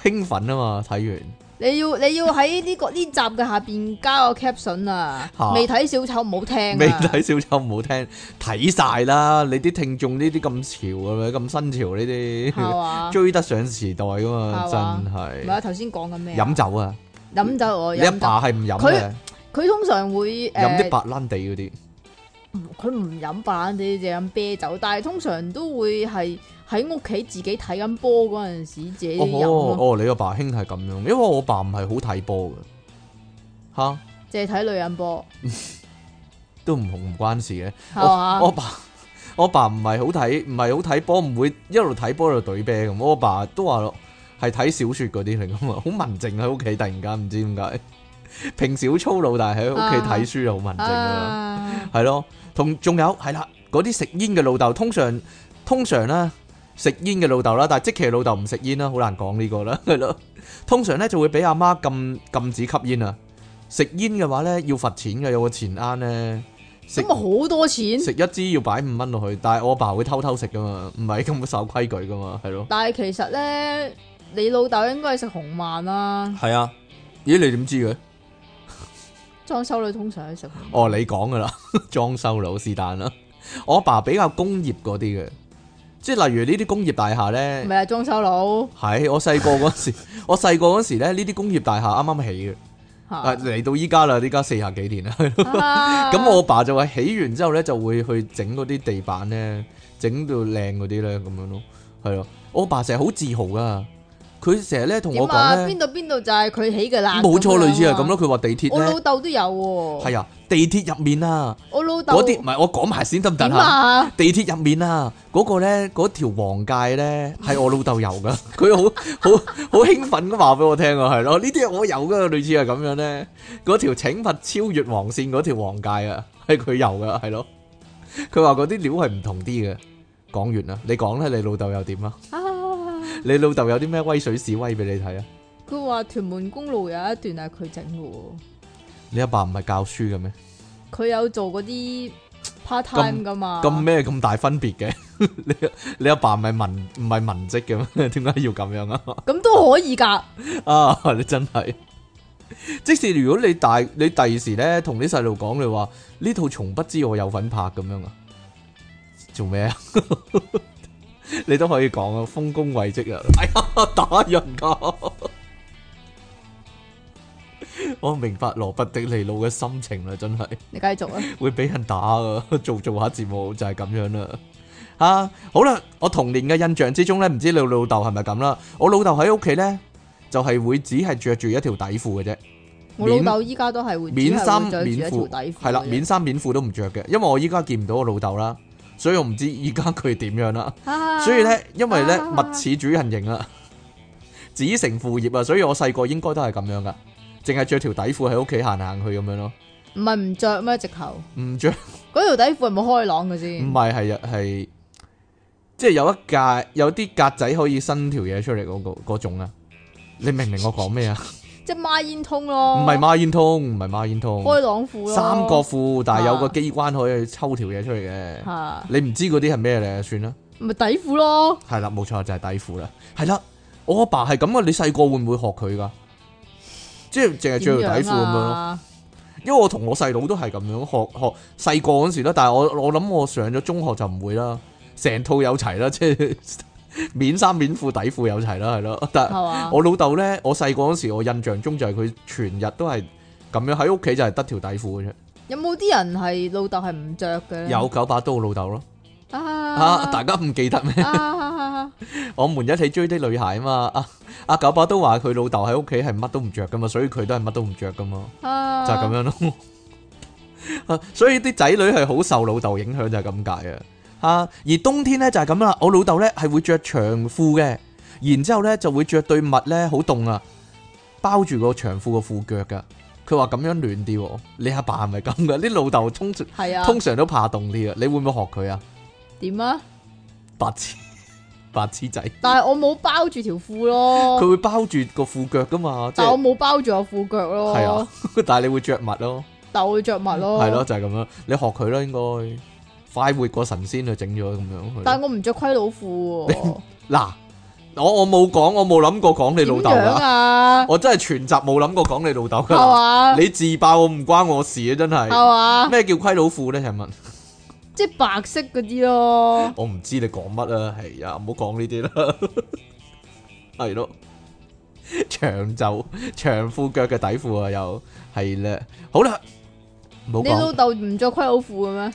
興奮啊嘛，睇完。你要你要喺呢個呢集嘅下邊加個 caption 啊！啊，未睇小丑唔好聽，未睇小丑唔好聽，睇晒啦！你啲聽眾呢啲咁潮嘅咁新潮呢啲，吧追得上時代㗎嘛？吧真係的。唔係啊，頭先講緊咩？飲酒啊，飲酒我。你爸係唔飲嘅？佢通常會飲啲、呃、白蘭地嗰啲。佢唔飲白蘭地，就飲啤酒，但係通常都會係。喺屋企自己睇緊波嗰陣時，自己入咯、哦。哦，你個爸兄係咁樣，因為我爸唔係好睇波嘅，吓，淨係睇女人波，都唔同唔關事嘅。嗎我我爸我爸唔係好睇，唔係好睇波，唔會一路睇波一路懟啤咁。我爸都話咯，係睇小說嗰啲嚟噶嘛，好文靜喺屋企。突然間唔知點解，平時好粗魯，但係喺屋企睇書又好文靜呀，係咯、啊。同、啊、仲有係啦，嗰啲食煙嘅老豆，通常通常咧。食煙嘅老豆啦，但係即期老豆唔食煙啦，好難講呢個啦，係咯。 通常咧就會俾阿媽禁禁止吸煙啊。食煙嘅話咧要罰錢嘅，有個錢罌咧。食啊好多錢！食一支要擺五蚊落去，但係我阿爸會偷偷食噶嘛，唔係咁守規矩噶嘛，係咯。但係其實咧，你老豆應該係食紅萬啦。係啊，咦你點知嘅？裝修女通常係食。哦，你講噶啦，裝修佬是但啦。 我阿爸比較工業嗰啲嘅。即係例如呢啲工業大廈咧，唔係啊裝修佬。係我細個嗰時，我細個嗰時咧，呢啲 工業大廈啱啱起嘅，嚟 到依家啦，依家四十幾年啦。咁 我阿爸就話起完之後咧，就會去整嗰啲地板咧，整到靚嗰啲咧，咁樣咯，係咯。我阿爸成日好自豪噶。佢成日咧同我講咧，邊度邊度就係佢起嘅啦。冇錯，類似係咁咯。佢話地鐵咧，我老豆都有喎。係啊，地鐵入面啊，我老豆嗰啲唔係我講埋先得唔得啊？地鐵入面啊，嗰個咧，嗰條黃界咧，係我老豆游噶。佢好好好興奮咁話俾我聽啊，係咯，呢啲我游噶，類似係咁樣咧，嗰條請勿超越黃線嗰條黃界啊，係佢游噶，係咯。佢話嗰啲料係唔同啲嘅。講完啦，你講咧，你老豆又點啊？你老豆有啲咩威水示威俾你睇啊？佢話屯門公路有一段係佢整嘅。你阿爸唔係教書嘅咩？佢有做嗰啲 part time 噶嘛？咁咩咁大分別嘅？你你阿爸唔係文唔係文職嘅咩？點解要咁樣啊？咁都可以噶。 啊，你真係。即使如果你大你第二時咧，同啲細路講，你話呢套從不知我有份拍咁樣啊？做咩啊？ 你都可以講啊，豐功偉績啊，哎呀，打人噶， 我明白羅伯迪尼路嘅心情啦，真係。你繼續啊。 會俾人打啊，做做下節目就係咁樣啦。啊，好啦，我童年嘅印象之中咧，唔知你老豆係咪咁啦。我老豆喺屋企咧，就係會只係着住一條底褲嘅啫。我老豆依家都係會。棉衫棉褲。係啦，棉衫棉褲都唔着嘅，因為我依家見唔到我老豆啦。所以我唔知而家佢點樣啦。啊、所以咧，因為咧、啊啊、物似主人形啊，子 承父業啊，所以我細個應該都係咁樣噶，淨係着條底褲喺屋企行行去咁樣咯。唔係唔着咩？直頭唔着。嗰條底褲係冇開朗嘅先。唔係係啊係，即係有一，有一格有啲格仔可以伸條嘢出嚟嗰、嗰個嗰、嗰個嗰個、種啊。你明唔明我講咩啊？ 即係孖煙通咯，唔係孖煙通，唔係孖煙通，開朗褲咯，三角褲，啊、但係有個機關可以抽條嘢出嚟嘅，你唔知嗰啲係咩咧？算啦，咪底褲咯，係啦，冇錯就係底褲啦，係啦，我阿爸係咁啊，你細個會唔會學佢噶？即係淨係着條底褲咁樣咯，因為我同我細佬都係咁樣學學細個嗰時啦，但係我我諗我上咗中學就唔會啦，成套有齊啦，即係。 免衫免褲底褲有齊啦，係咯。但係吧我老豆咧，我細個嗰時我印象中就係佢全日都係咁樣喺屋企，就係得條底褲嘅啫。有冇啲人係老豆係唔着嘅？爸爸有九把刀老豆咯，啊啊啊。大家唔記得咩？啊啊啊啊， 我們一起追啲女孩啊嘛。阿、啊、阿、啊、九把刀話佢老豆喺屋企係乜都唔着噶嘛，所以佢都係乜都唔着噶嘛。啊、就係咁樣咯。 所以啲仔女係好受老豆影響就係咁解啊。啊！而冬天咧就係咁啦，我老豆咧係會着長褲嘅，然之後咧就會着對襪咧好凍啊，包住個長褲個褲腳噶。佢話咁樣暖啲、哦，你阿爸係咪咁噶？啲老豆通常、啊、通常都怕凍啲啊，你會唔會學佢啊？點啊？白痴，白痴仔！但係我冇包住條褲咯，佢會包住個褲腳噶嘛？但係我冇包住個褲腳咯。係啊，但係你會着襪咯？但我會着襪咯？係咯， 就係咁樣。你學佢咯，應該。 快活過神仙去啊！整咗咁樣，但我唔着虧佬褲。嗱，我我冇講，我冇諗過講你老豆啦。啊、我真係全集冇諗過講你老豆噶。嗎你自爆我唔關我事啊！真係。咩嗎叫虧佬褲咧？係咪？即係白色嗰啲咯。 我唔知你講乜啊！係啊，唔好講呢啲啦。係 咯，長袖長褲腳嘅底褲啊，又係啦。好啦，唔好。你老豆唔着虧佬褲嘅咩？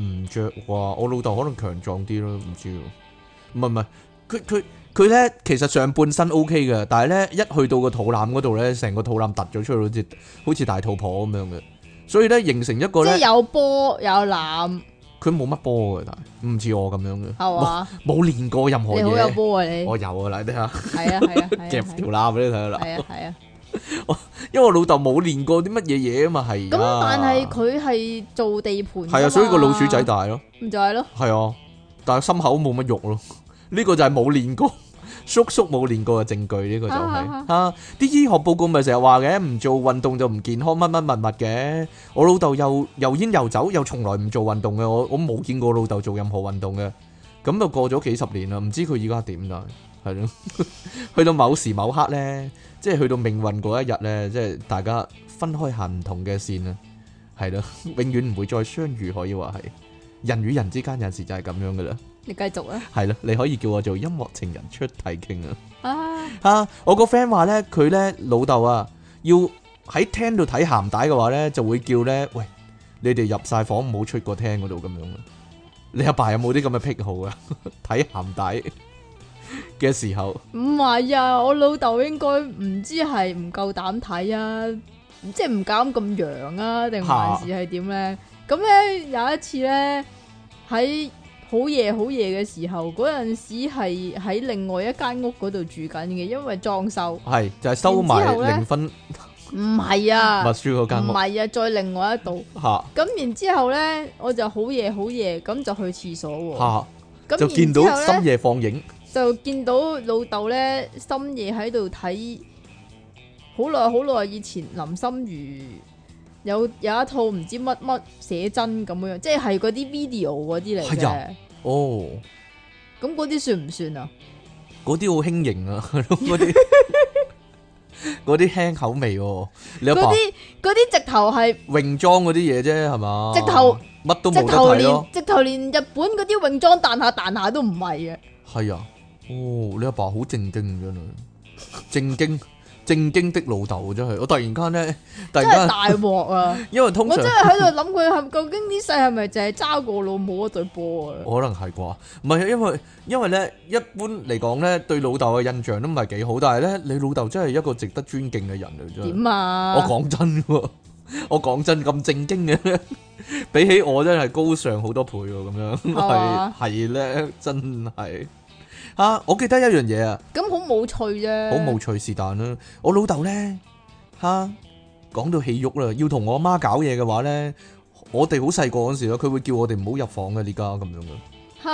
唔着啩？我老豆可能強壯啲咯，唔知喎。唔係唔係，佢佢佢咧，其實上半身 O K 嘅，但係咧一去到個肚腩嗰度咧，成個肚腩凸咗出去，好似好似大肚婆咁樣嘅。所以咧形成一個咧有波有腩，佢冇乜波嘅，但係唔似我咁樣嘅。係嘛？冇練過任何嘢，你好有波啊你！我有啊，嗱，你睇下，係啊係啊，即係夾條腩俾你睇下啦，係啊係啊。 因為我老豆冇練過啲乜嘢嘢啊嘛係，咁但係佢係做地盤，係啊，所以個老鼠仔大咯，唔就係咯，係啊，但係心口冇乜肉咯，呢、呢個就係冇練過，叔叔冇練過嘅證據呢個就係啊，啲醫學報告咪成日話嘅，唔做運動就唔健康，乜乜乜物嘅，我老豆又又煙又走，又從來唔做運動嘅，我我冇見過老豆做任何運動嘅，咁就過咗幾十年啦，唔知佢而家點啦，係咯、啊， 去到某時某刻咧。即係去到命運嗰一日呢，即係大家分開行唔同嘅線啊，係咯，永遠唔會再相遇，可以話係人與人之間有時就係咁樣噶啦。你繼續啊，係咯，你可以叫我做音樂情人出題傾啊。啊，我個 friend 話呢，佢呢老豆啊，要喺廳度睇鹹帶嘅話呢，就會叫呢：「喂，你哋入晒房，唔好出過廳嗰度咁樣。」你阿爸有冇啲咁嘅癖好啊？睇鹹帶。嘅時候唔係啊，我老豆應該唔知係唔夠膽睇啊，即係唔敢咁揚啊，定還是係點咧？咁咧有一次咧，喺好夜好夜嘅時候，嗰陣時係喺另外一間屋嗰度住緊嘅，因為裝修係就係收埋零分，唔係啊，秘書嗰間屋唔係啊，再另外一度吓，咁然之後咧，我就好夜好夜咁就去廁所喎吓，咁就見到深夜放映，就見到老豆咧，深夜喺度睇好耐好耐以前林心如有有一套唔知乜乜寫真咁樣，即係嗰啲 video 嗰啲嚟嘅。哦，咁嗰啲算唔算啊？嗰啲好輕盈啊，嗰啲嗰啲輕口味啊。嗰啲嗰啲直頭係泳裝嗰啲嘢啫，係嘛？直頭乜都冇得睇，直頭連，直頭連日本嗰啲泳裝彈下彈下都唔係嘅。係啊。哦，你阿爸好正經嘅啦，正經 正經的老豆真係。我突然間咧，突然間大鑊啊！因為通常我真係喺度諗佢係究竟呢世係咪淨係揸過老母一對波啊？可能係啩？唔係因為因為咧，一般嚟講咧，對老豆嘅印象都唔係幾好。但係咧，你老豆真係一個值得尊敬嘅人嚟，真係。點啊？我講真，我講真咁正經嘅咧， 比起我真係高尚好多倍，咁樣係係咧，真係。真吓、啊，我記得一樣嘢、嗯、啊！咁好無趣啫，好無趣是但啦。我老豆咧，吓講到起喐啦，要同我媽搞嘢嘅話咧，我哋好細個嗰時咯，佢會叫我哋唔好入房嘅，而家咁樣嘅。吓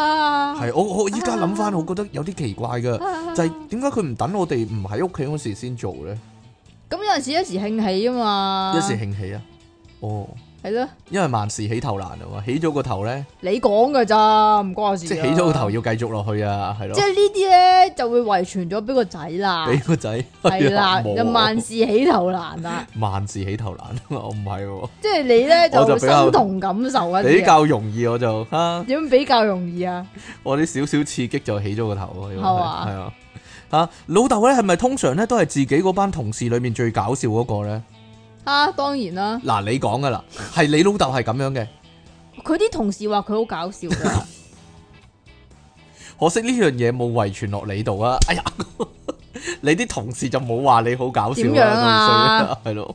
係、啊、我我依家諗翻，我覺得有啲奇怪嘅，啊啊、就係點解佢唔等我哋唔喺屋企嗰時先做咧？咁有陣時一時興起啊嘛，一時興起啊，哦。係咯，因為萬事起頭難啊嘛，起咗個頭咧，你講嘅咋，唔關我事。即起咗個頭要繼續落去啊，係咯。即係呢啲咧就會遺傳咗俾個仔啦。俾個仔係啦，了了就萬事起頭難啦。萬事起頭難，我唔係喎。即係你咧，就身同感受啊。比較，比較容易，我就哈。點、啊、比較容易啊？我啲少少刺激就起咗個頭啊，係啊嗎，吓 老豆咧係咪通常咧都係自己嗰班同事裏面最搞笑嗰個咧？啊，當然啦！嗱、啊，你講噶啦，係你老豆係咁樣嘅。佢啲同事話佢好搞笑， 可惜呢樣嘢冇遺傳落你度啊！哎呀， 你啲同事就冇話你好搞笑啦，啊，係咯，啊。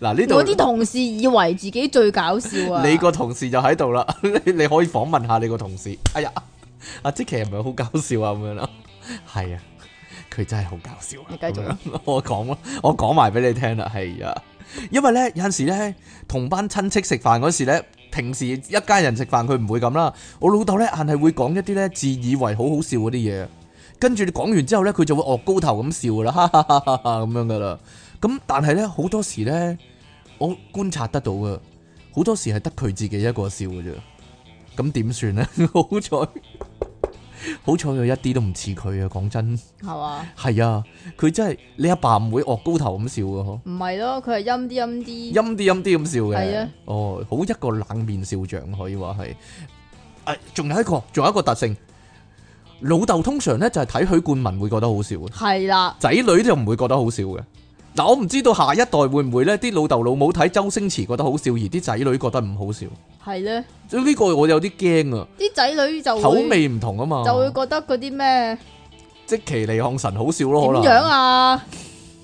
嗱，呢度嗰啲同事以為自己最搞笑啊！你個同事就喺度啦，你可以訪問下你個同事。哎呀，阿積淇係咪好搞笑啊？咁樣咯，係啊。佢真係好搞笑， 我講咯，我講埋俾你聽啦，係啊， 因為呢，有陣時呢，同班親戚食飯嗰時呢，平時一家人食飯佢唔會咁啦，我老豆呢，硬係會講一啲呢，自以為好好笑嗰啲嘢，跟住你講完之後呢，佢就會惡、呃、高頭咁笑，哈哈哈哈哈，咁樣噶啦，咁但係呢，好多時呢，我觀察得到噶，好多時係得佢自己一個笑噶啫，咁點算呢？ 好彩。好彩佢一啲都唔似佢啊！講真，係嘛？係啊，佢真係你阿爸唔會惡高頭咁笑嘅嗬。唔係咯，佢係陰啲陰啲，陰啲陰啲咁笑嘅。係啊。哦，好一個冷面笑匠，可以話係。誒，仲有一個，仲有一個特性，老豆通常咧就係睇許冠文會覺得好笑嘅。係啦的，仔女就唔會覺得好笑嘅。嗱，我唔知道下一代會唔會咧？啲老豆老母睇周星馳覺得好笑，而啲仔女覺得唔好笑，係咧呢。呢個我有啲驚啊！啲仔女就會口味唔同啊嘛，就會覺得嗰啲咩積淇離岸神好笑咯，點樣啊？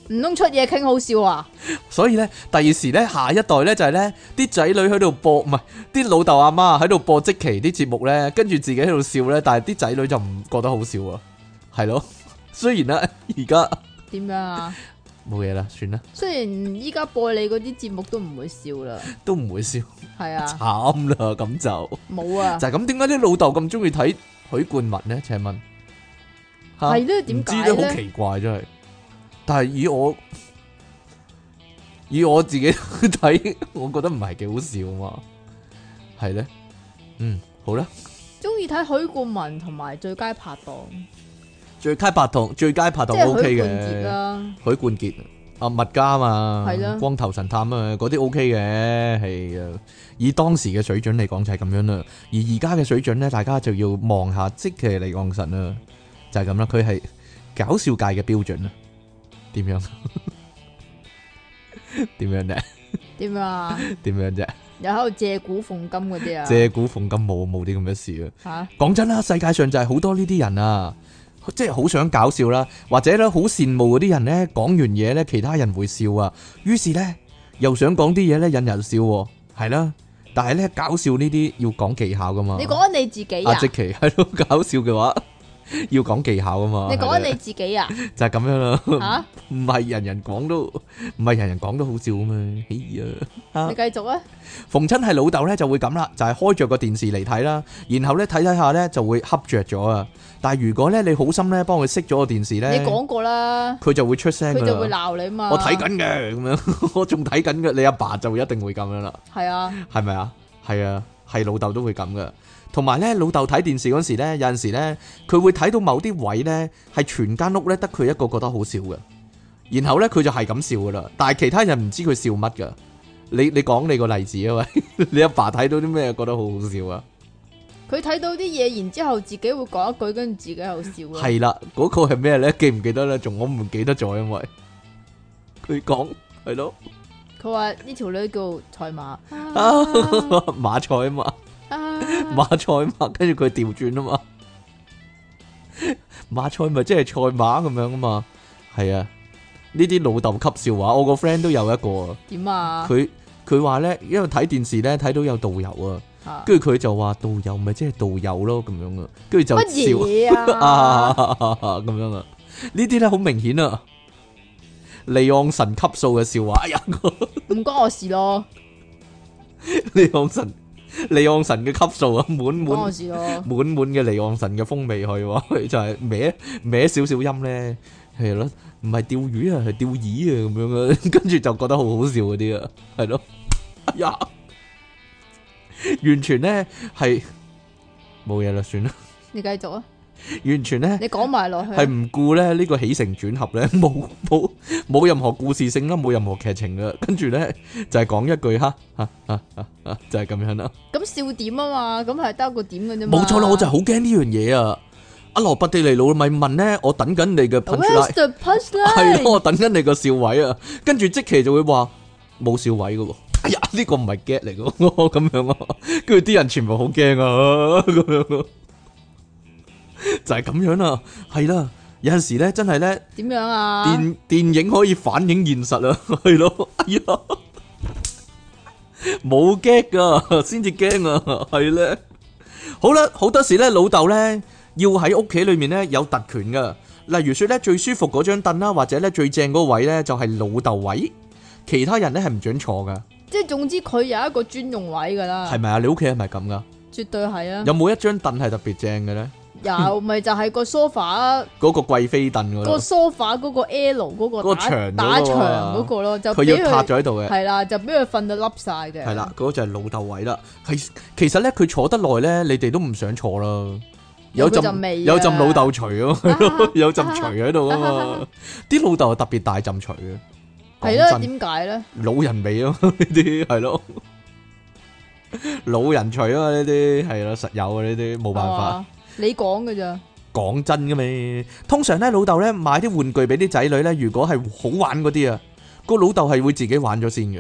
唔通出體 king 好笑啊？啊笑，啊所以咧，第二時咧，下一代咧就係、是、咧，啲仔女喺度播唔係啲老豆阿媽喺度播積淇啲節目咧，跟住自己喺度笑咧，但係啲仔女就唔覺得好笑啊，係咯？雖然咧、啊，而家點樣啊？冇嘢啦，算啦。雖然依家播你嗰啲節目都唔會笑啦，都唔會笑，係啊，慘啦咁就冇啊。就係咁，點解啲老豆咁中意睇許冠文咧？請問係咧？點、啊、知咧？好奇怪真係。但係以我以我自己睇，我覺得唔係幾好笑嘛。係咧，嗯，好啦。中意睇許冠文同埋最佳拍檔。最佳拍檔，最佳拍檔 O K 嘅，許冠傑啊，啊，麥家嘛，的光頭神探啊，嗰啲 O K 嘅，係啊，以當時嘅水準嚟講就係咁樣啦。而而家嘅水準咧，大家就要望下，即係嚟講神啦，啊，就係咁啦。佢係搞笑界嘅標準 呢啊。點 樣呢？點樣啫？點啊？點樣啫？又喺度借古諷今嗰啲啊？借古諷今冇冇啲咁嘅事啊？吓？講真啦，世界上就係好多呢啲人啊！即係好想搞笑啦，或者咧，好羨慕嗰啲人咧，講完嘢咧其他人會笑啊，於是呢，又想講啲嘢咧，引人笑，係啦，但係呢，搞笑呢啲要講技巧噶嘛。你講緊你自己啊？積淇係咯，搞笑嘅話。要講技巧啊嘛，你講你自己啊， 就係咁樣啦，吓、啊，唔係人人講都唔係人人講都好笑啊嘛，哎你繼續啊，啊續，逢親係老豆咧就會咁啦，就係、是、開着個電視嚟睇啦，然後咧睇睇下咧就會恰着咗啊，但係如果咧你好心咧幫佢熄咗個電視咧，你講過啦，佢就會出聲，佢就會鬧你啊嘛，我睇緊嘅，咁 樣我仲睇緊嘅，你阿爸、爸就一定會咁樣啦，係啊，係咪啊，係啊，係老豆都會咁噶。同埋咧，老豆睇電視嗰時咧，有陣時咧，佢會睇到某啲位咧，係全間屋咧得佢一個覺得好笑嘅。然後咧，佢就係咁笑噶啦。但係其他人唔知佢笑乜噶。你你講你個例子啊？喂，你阿爸睇到啲咩覺得好好笑啊？佢睇到啲嘢，然之後自己會講一句，跟住自己又笑。係啦，嗰個係咩咧？記唔記得咧？仲我唔記得咗，因為佢講係咯。佢話呢條女叫賽馬啊，馬賽馬。啊、馬賽馬，跟住佢調轉啊嘛， 馬賽咪即係賽馬咁樣啊嘛，係啊，呢啲老豆級笑話，我個 friend 都有一個啊。點啊？佢佢話咧，因為睇電視咧睇到有導遊啊，跟住佢就話導遊咪即係導遊咯，咁樣啊，跟住就笑啊，咁樣啊，呢啲咧好明顯啊，離岸神級數嘅笑話，哎呀，唔、啊、關、嗯、我事咯，離岸神。 離岸神嘅級數啊，滿滿滿滿嘅離岸神嘅風味去喎，佢就係歪歪少少音咧，係咯，唔係釣魚啊，係釣魚啊咁樣啊，跟住就覺得好好笑嗰啲啊，係咯，呀，完全咧係冇嘢啦，算啦，你繼續啊。完全咧，你講埋落去係唔顧咧呢個起承轉合咧，冇冇冇任何故事性啦，冇任何劇情噶，跟住咧就係、是、講一句吓吓吓吓就係、是、咁樣啦。咁笑點啊嘛，咁係得一個點嘅啫嘛。冇錯啦，我就好驚呢樣嘢啊！阿羅伯地尼老咪問咧，我等緊你嘅 punchline 係我等緊你個笑位啊！跟住即期就會話冇笑位嘅喎，哎、呀呢、這個唔係 get 嚟嘅，咁樣啊，跟住啲人全部好驚啊，咁、啊、樣、啊。 就係咁樣啦，係啦，有陣時咧，真係咧，點樣啊？電電影可以反映現實啊，係咯，冇驚噶，先至驚啊，係咧。好啦，好多時咧，老豆咧要喺屋企裏面咧有特權噶，例如說咧最舒服嗰張凳啦，或者咧最正嗰位咧就係老豆位，其他人咧係唔准坐噶。即係總之佢有一個專用位噶啦。係咪啊？你屋企係咪咁噶？絕對係啊。有冇一張凳係特別正嘅咧？有咪，就係個 sofa 嗰個貴妃凳嗰個 sofa 嗰個 L 嗰個打牆嗰個咯，就佢要撻咗喺度嘅。係啦，就俾佢瞓到笠晒嘅。係啦，嗰個就係老豆位啦。係其實咧，佢坐得耐咧，你哋都唔想坐啦。有陣味，有陣老豆除啊嘛，有陣除喺度啊嘛。啲老豆特別大陣除啊，係咯？點解咧？老人味啊嘛，呢啲係咯，老人除啊嘛，呢啲係咯，實有啊呢啲冇辦法。你講嘅咋？講真嘅咩？通常咧，老豆咧買啲玩具俾啲仔女咧，如果係好玩嗰啲啊，個老豆係會自己玩咗先嘅。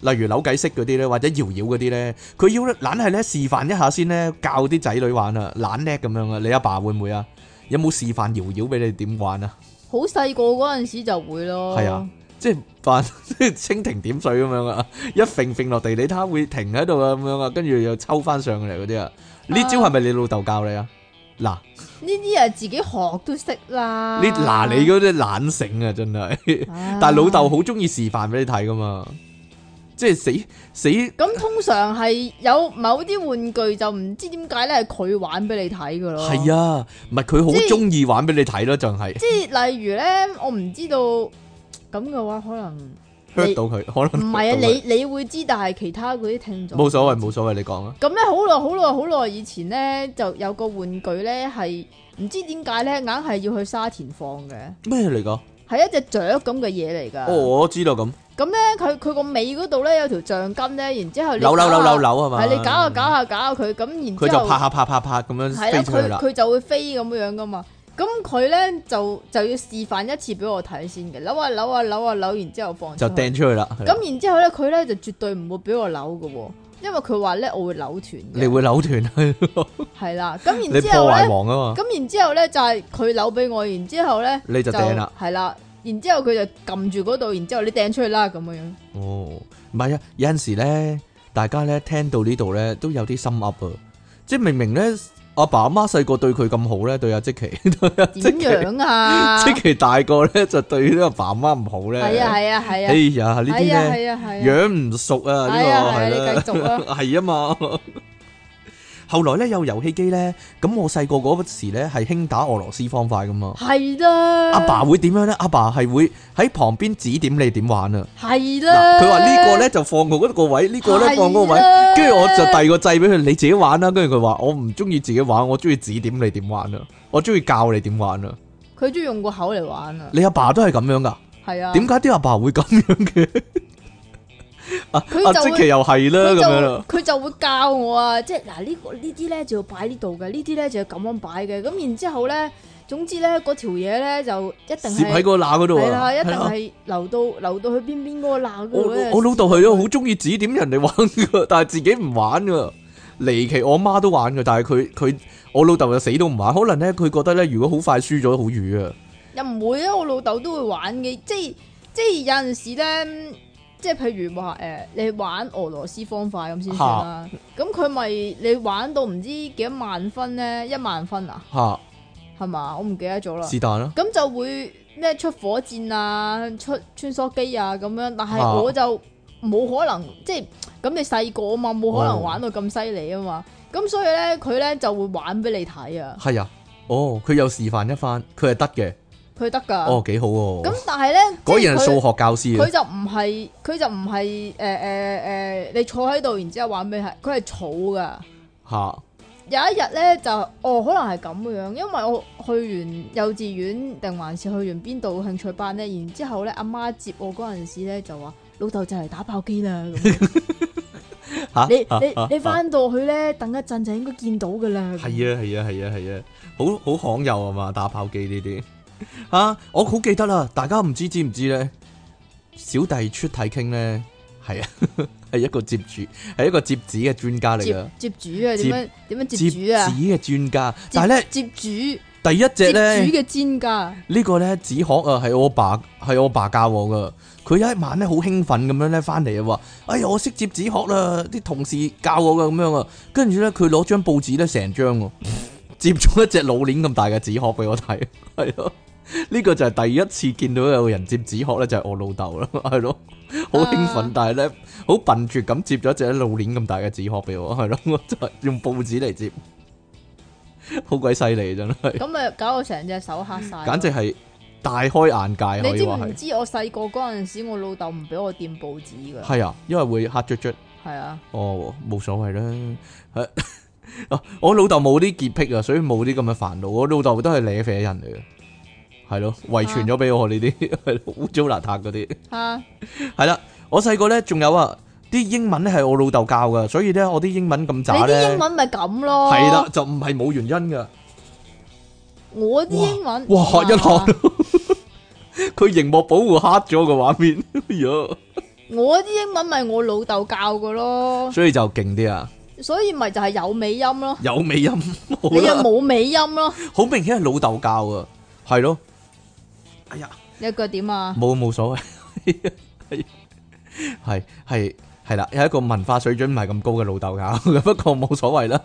例如扭計骰嗰啲咧，或者搖搖嗰啲咧，佢要懶係咧示範一下先咧，教啲仔女玩啊，懶叻咁樣啊。你阿爸，爸會唔會啊？有冇示範搖搖俾你點玩啊？好細個嗰陣時就會咯。係啊，即係扮蜻 蜓點水咁樣啊，一揈揈落地，你睇下會停喺度啊，咁樣啊，跟住又抽翻上嚟嗰啲啊。呢招係咪你老豆教你啊？啊嗱，呢啲啊自己學都識啦。你嗱，你嗰啲懶醒啊，真係。但係老豆好中意示範俾你睇噶嘛，即係死死。咁通常係有某啲玩具就唔知點解咧，係佢玩俾你睇噶咯。係啊，唔係佢好中意玩俾你睇咯，就係。即係例如咧，我唔知道咁嘅話可能。到佢，可能唔係啊！你你會知，但係其他嗰啲聽眾冇所謂，冇所謂，你講啊！咁咧，好耐好耐好耐以前咧，就有個玩具咧，係唔知點解咧，硬係要去沙田放嘅。咩嚟噶？係一隻雀咁嘅嘢嚟噶。哦，我知道咁。咁咧，佢佢個尾嗰度咧有條橡筋咧，然之後扭扭扭扭扭係嘛？係你搞下搞下搞下佢，咁、嗯、然之後佢就拍下拍拍拍咁樣飛出嚟啦。佢佢、啊、就會飛咁樣樣噶嘛？咁佢咧，就就要示範一次俾我睇先嘅，扭下、啊、扭下、啊、扭下、啊扭、啊、扭，然之後放就掟出去啦。咁然之後咧，佢咧就絕對唔會俾我扭嘅，因為佢話咧我會扭斷。你會扭斷啊？係 啦，咁然之後咧，你破壞王啊嘛。咁然之後咧就係、是、佢扭俾我，然之後咧你就掟啦。係啦，然之後佢就撳住嗰度，然之後你掟出去啦咁嘅樣。哦，唔係啊，有陣時咧，大家咧聽到呢度咧都有啲心噏啊，即係明明咧。阿爸阿媽細個對佢咁好咧，對阿積淇對啊點樣啊？積淇大個咧就對阿爸阿媽唔好咧。係啊係啊係啊。哎呀呢啲咩？係啊係啊養唔熟啊。呢個係，繼續咯。係啊嘛。後來咧，有遊戲機咧，咁我細個嗰時咧係興打俄羅斯方塊噶嘛，係啦的。阿爸會點樣咧？阿爸係會喺旁邊指點你點玩啊，係啦的。佢話呢個咧就放過嗰個位，呢個咧放嗰個位，跟住的我就遞個掣俾佢，你自己玩啦。跟住佢話我唔中意自己玩，我中意指點你點玩啊，我中意教你點玩啊。佢中意用個口嚟玩啊。你阿爸都係咁樣噶，係啊的。點解啲阿爸會咁樣嘅？ 啊！佢就又係啦，咁就樣佢就，就會教我啊，即係嗱呢個呢啲咧就要擺呢度嘅，呢啲咧就要咁樣擺嘅。咁然之後咧，總之咧嗰條嘢咧就一定喺喺個罅嗰度。係啦，一定係留到留、啊、到去邊邊嗰個罅嗰度。我老豆係好中意指點人哋玩噶，但係自己唔玩噶。離奇我媽都玩噶，但係佢佢我老豆就死都唔玩。可能咧佢覺得咧，如果快輸好快輸咗好瘀啊。又唔會啊！我老豆都會玩嘅，即係即係有陣時咧。即係譬如話誒、欸，你玩俄羅斯方塊咁先算啦。咁佢咪你玩到唔知幾多萬分咧？一萬分啊？吓哈？係嘛？我唔記得咗啦。是但囉。咁就會咩出火箭啊，出穿梭機啊咁樣。但係我就冇哈可能，即係咁你細個啊嘛，冇可能玩到咁犀利啊嘛。咁、哦、所以咧，佢咧就會玩俾你睇啊。係啊，哦，佢有示範一番，佢係得嘅。佢得噶，哦，幾好喎！咁但係咧，嗰人係數學教師啊。佢就唔係，佢就唔係，誒誒誒，你坐喺度，然之後玩咩？係佢係草噶吓。有一日咧，就哦，可能係咁嘅樣，因為我去完幼稚園定還是去完邊度興趣班咧，然之後咧，阿媽接我嗰陣時咧，就話：老豆就嚟打炮機啦！吓、pues、你你你翻到去咧，等一陣就應該見到噶啦。係啊係啊係啊係啊，yeah. yeah. 好好罕有啊嘛，打炮機呢啲。Is, 啊！我好記得啦，大家唔知知唔知咧？小弟出體 King 咧，係啊，係 一個接主，係一個接紙嘅專家嚟噶接主啊？點樣？點樣？接主啊？紙嘅專家。但係咧，接紙第一隻咧，主嘅專家個呢個咧紙殼啊，係我爸係我爸教我噶。佢有一晚咧好興奮咁樣咧翻嚟，啊話：哎呀，我識接紙殼啦！啲同事教我噶咁樣啊。跟住咧，佢攞張報紙咧成張，接咗一隻 老年咁大嘅紙殼俾我睇，係咯。呢個就係第一次見到有人接紙殼咧，就係、是、我老豆啦，係 咯，好興奮，啊、但係咧好笨拙，咁接咗隻露臉咁大嘅紙殼俾我，係咯，我真係用報紙嚟,接，好鬼犀利真係。咁啊，搞到成隻手黑晒，簡直係大開眼界。你知唔知我細個嗰陣時，我老豆唔俾我掂報紙噶，係啊，因為會黑卒卒。係啊的，哦，冇所謂啦。啊， 我老豆冇啲潔癖啊，所以冇啲咁嘅煩惱。我老豆都係舐肥人嚟嘅。係咯，遺傳咗俾我呢啲係污糟邋遢嗰啲。吓，係啦，我細個咧仲有啊，啲英文咧係我老豆教噶，所以咧我啲英文咁渣咧。你啲英文咪咁咯？係啦，就唔係冇原因噶。我啲英文，哇，學一學，佢熒幕保護黑咗個畫面。哎呀，我啲英文咪我老豆教噶咯，所以就勁啲啊。所以咪就係有尾音咯，有尾音，你又冇尾音咯，好明顯係老豆教噶，係咯。哎呀，你一個點啊？冇冇所謂，係係係啦，有一個文化水準唔係咁高嘅老豆噶，不過冇所謂啦，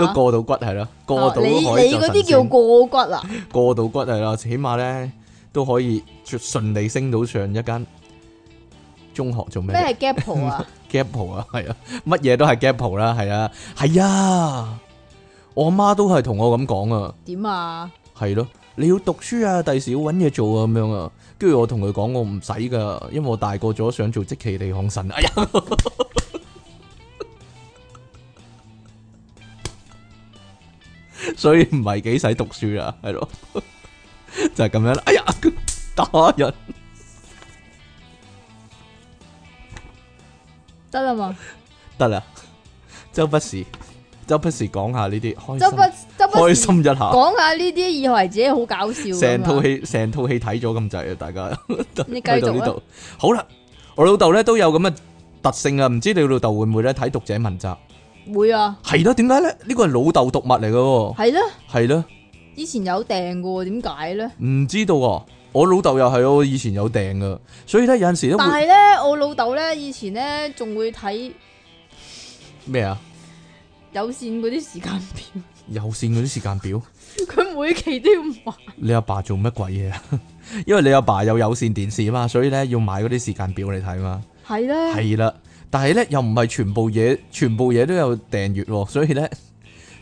都過到骨係啦，過到你你嗰啲叫過骨啦，過到骨係啦，起碼咧都可以順利升到上一間中學做咩？咩係 gap 啊？gap 啊，係啊，乜嘢都係 gap 啦，係啊，係啊，我阿媽都係同我咁講啊，點啊？係咯。你要讀書啊，第時要搵嘢做啊，咁樣啊。跟住我同佢講，我唔使噶，因為我大個咗，想做積淇離岸神。哎呀， 所以唔係幾使讀書啊，係咯，就係、是、咁樣啦。哎呀，打人，得啦嘛，得啦，周不時。周不時講下呢啲開心，開心一下，講下呢啲以為自己好搞笑。成套戲，成套戲睇咗咁滯啊！大家去到呢度，好啦，我老豆咧都有咁嘅特性啊！唔知你老豆會唔會咧睇讀者文集？會啊，係咯？點解咧？呢個係老豆讀物嚟噶喎？係咯，係咯，以前有訂噶喎？點解咧？唔知道啊！我老豆又係我以前有訂噶，所以咧有陣時都但係咧，我老豆咧以前咧仲會睇咩啊？有線嗰啲時間表，有線嗰啲時間表，佢每期都要買。你阿爸做乜鬼嘢啊？ 因為你阿爸有有線電視啊嘛，所以咧要買嗰啲時間表嚟睇啊嘛。係啦，係啦，但係咧又唔係全部嘢，全部嘢都有訂閱哦，所以咧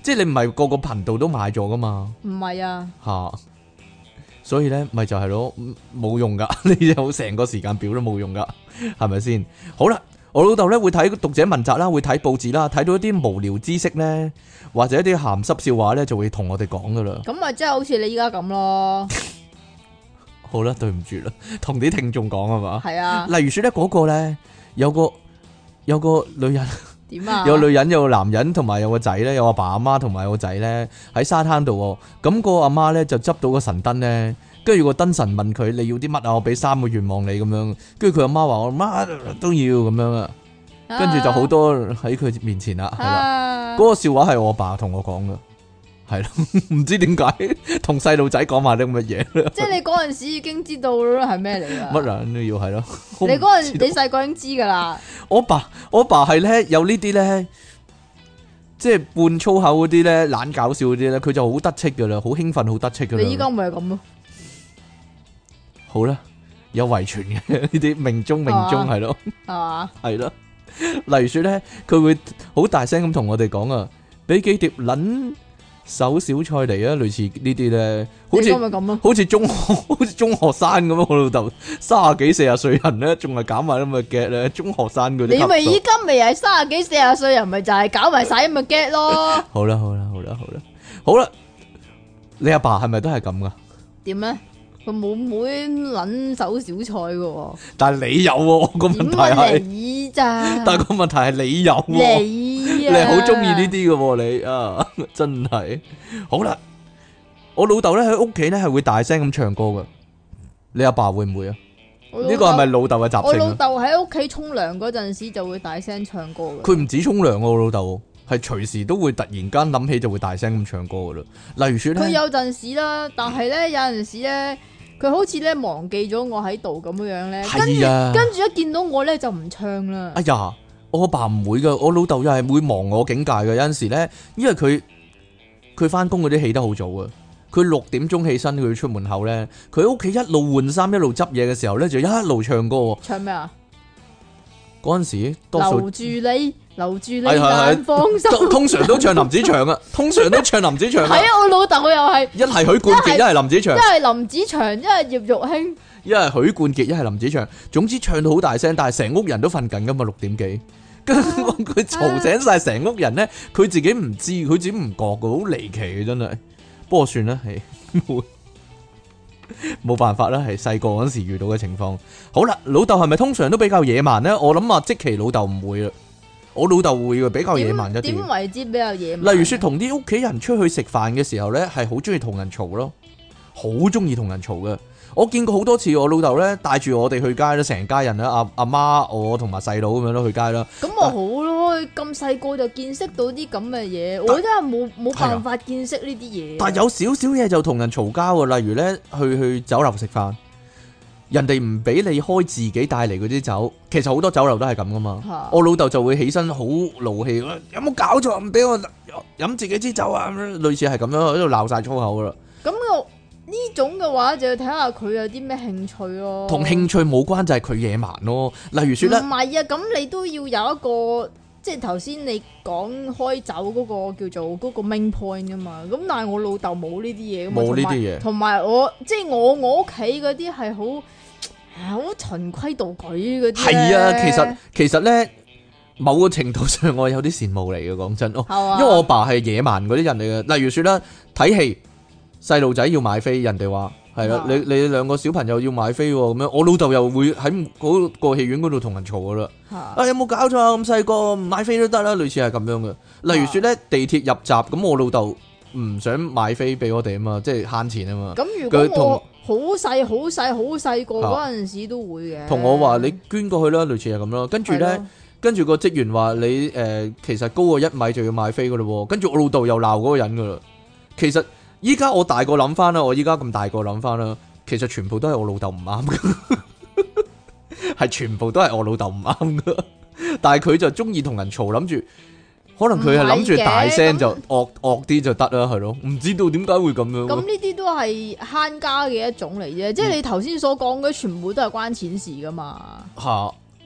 即係你唔係個個頻道都買咗噶嘛。唔係啊，吓， 所以咧咪就係咯，冇用噶，你有成個時間表都冇用噶，係咪先？好啦。我老豆咧會睇讀者文摘啦，會睇報紙啦，睇到一啲無聊知識咧，或者一啲鹹濕笑話咧，就會同我哋講噶啦。咁咪即係好似你依家咁咯。 好啦，對唔住啦，同啲聽眾講係嘛。係啊。例如說咧，嗰個咧有個有個女人，點啊？ 有女人有男人，同埋有個仔咧，有阿爸阿媽同埋有個仔咧喺沙灘度。咁個阿媽咧就執到個神燈咧。跟住個燈神問佢：你要啲乜啊？我俾三個願望你咁樣。跟住佢阿媽話：我媽都要咁樣啊。跟住就好多喺佢面前啦。嗰、啊、個笑話係我爸同我講噶，係咯，唔 知點解同細路仔講埋啲咁嘅嘢。即係你嗰陣時已經知道咯，係咩嚟噶？乜啊？你要係咯？你嗰陣你細個已經知噶啦 。我爸我爸係咧，有呢啲咧，即係半粗口嗰啲咧，懶搞笑嗰啲咧，佢就好得戚噶啦，好興奮，好得戚噶啦。你依家唔係咁咯？好啦，有遺傳嘅呢啲命中命中係咯，係嘛，係咯。例如說咧，佢會好大聲咁同我哋講啊，俾幾碟撚手小菜嚟啊，類似呢啲咧，好似咪咁咯，好似中好似中學生咁啊！我老豆卅幾四啊歲人咧，仲係搞埋咁嘅 get 咧，中學生嗰啲。你咪依家咪係卅幾四啊歲人，咪就係搞埋晒咁嘅 get 咯。好啦好啦好啦好啦，好啦，你阿爸係咪都係咁噶？點咧？佢妹妹捻手小菜嘅喎、啊，但係你有喎、啊。個問題係點解你咋、啊？但係個問題係你有、啊。你你好中意呢啲嘅你啊，你啊你啊真係好啦。我老豆咧喺屋企咧係會大聲咁唱歌嘅。你阿爸，爸會唔會啊？呢個係咪老豆嘅習性啊？我老豆喺屋企沖涼嗰陣時就會大聲唱歌嘅。佢唔止沖涼、啊、我老豆，係隨時都會突然間諗起就會大聲咁唱歌噶啦。例如說，佢有陣時啦，但係咧有陣時咧。嗯佢好似咧忘記咗我喺度咁樣樣咧，跟住跟住一見到我咧就唔唱啦。哎呀，我阿爸唔會噶，我老豆又係唔會忘我境界噶。有陣時咧，因為佢佢翻工嗰啲起得好早啊，佢六點鐘起身，佢出門口咧，佢喺屋企一路換衫一路執嘢嘅時候咧，就一路唱歌。唱咩啊？嗰陣時多數留住你。留住你，哎、呀放心鬆。通常都唱林子祥啊， 通常都唱林子祥啊。係啊，我老豆又係一係許冠傑，一係林子祥，一係林子祥，一係葉玉卿，一係許冠傑，一係林子祥。子祥 總之唱到好大聲，但係成屋人都瞓緊噶嘛，六點幾，跟住佢嘈醒晒成屋人咧，佢自己唔知，佢自己唔覺噶，好離奇嘅真係。不過算啦，係冇冇辦法啦，係細個嗰時遇到嘅情況。好啦，老豆係咪通常都比較野蠻咧？我諗啊奇，積淇老豆唔會啦。我老豆會比較野蠻一點，點為之比較野蠻？例如説，同啲屋企人出去食飯嘅時候呢，係好中意同人嘈咯，好中意同人嘈嘅。我見過好多次，我老豆呢帶住我哋去街咧，成家人啦，阿、啊、阿、啊媽、我同埋細佬咁樣都去街啦。咁我好咯，咁細個就見識到啲咁嘅嘢，但我真係冇冇辦法見識呢啲嘢。但係有少少嘢就同人嘈交㗎，例如呢，去去酒樓食飯，人哋唔俾你開自己帶嚟嗰啲酒，其實好多酒樓都係咁噶嘛。是的 我老豆就會起身好怒氣，的有冇搞錯唔俾我飲自己支酒啊？類似係咁樣喺度鬧晒粗口噶啦。咁我呢種嘅話就要睇下佢有啲咩興趣咯、啊。同興趣冇關就係佢野蠻咯。例如説咧，唔係啊，咁你都要有一個，即係頭先你講開酒嗰個叫做嗰個 main point 啊嘛。咁但係我老豆冇呢啲嘢，冇呢啲嘢。同埋我即係、就是、我我屋企嗰啲係好。好循規蹈矩嗰啲，係啊、嗯、啊，其實其實咧，某個程度上我有啲羨慕嚟嘅，講真咯，啊、因為我爸係野蠻嗰啲人嚟嘅。例如說咧，睇戲細路仔要買飛，人哋話係啊，啊你你兩個小朋友要買飛咁樣，我老豆又會喺嗰個戲院嗰度同人嘈噶啦。啊、啊，有冇搞錯啊？咁細個唔買飛都得啦，類似係咁樣嘅。例如說咧，地鐵入閘咁，我老豆唔想買飛俾我哋啊嘛，即係慳錢啊嘛。咁如果我好細好細好細個嗰陣時都會嘅，同我話你捐過去啦，類似係咁咯。跟住咧，的跟住個職員話你誒、呃，其實高過一米就要買飛噶啦。跟住我老豆又鬧嗰個人噶啦。其實依家我大個諗翻啦，我依家咁大個諗翻啦，其實全部都係我老豆唔啱噶，係 全部都係我老豆唔啱噶。但係佢就中意同人嘈，諗住。可能佢係諗住大聲就惡惡啲就得啦，係咯？唔知道點解會咁樣。咁呢啲都係慳家嘅一種嚟啫，嗯、即係你頭先所講嘅全部都係關錢事噶嘛？吓，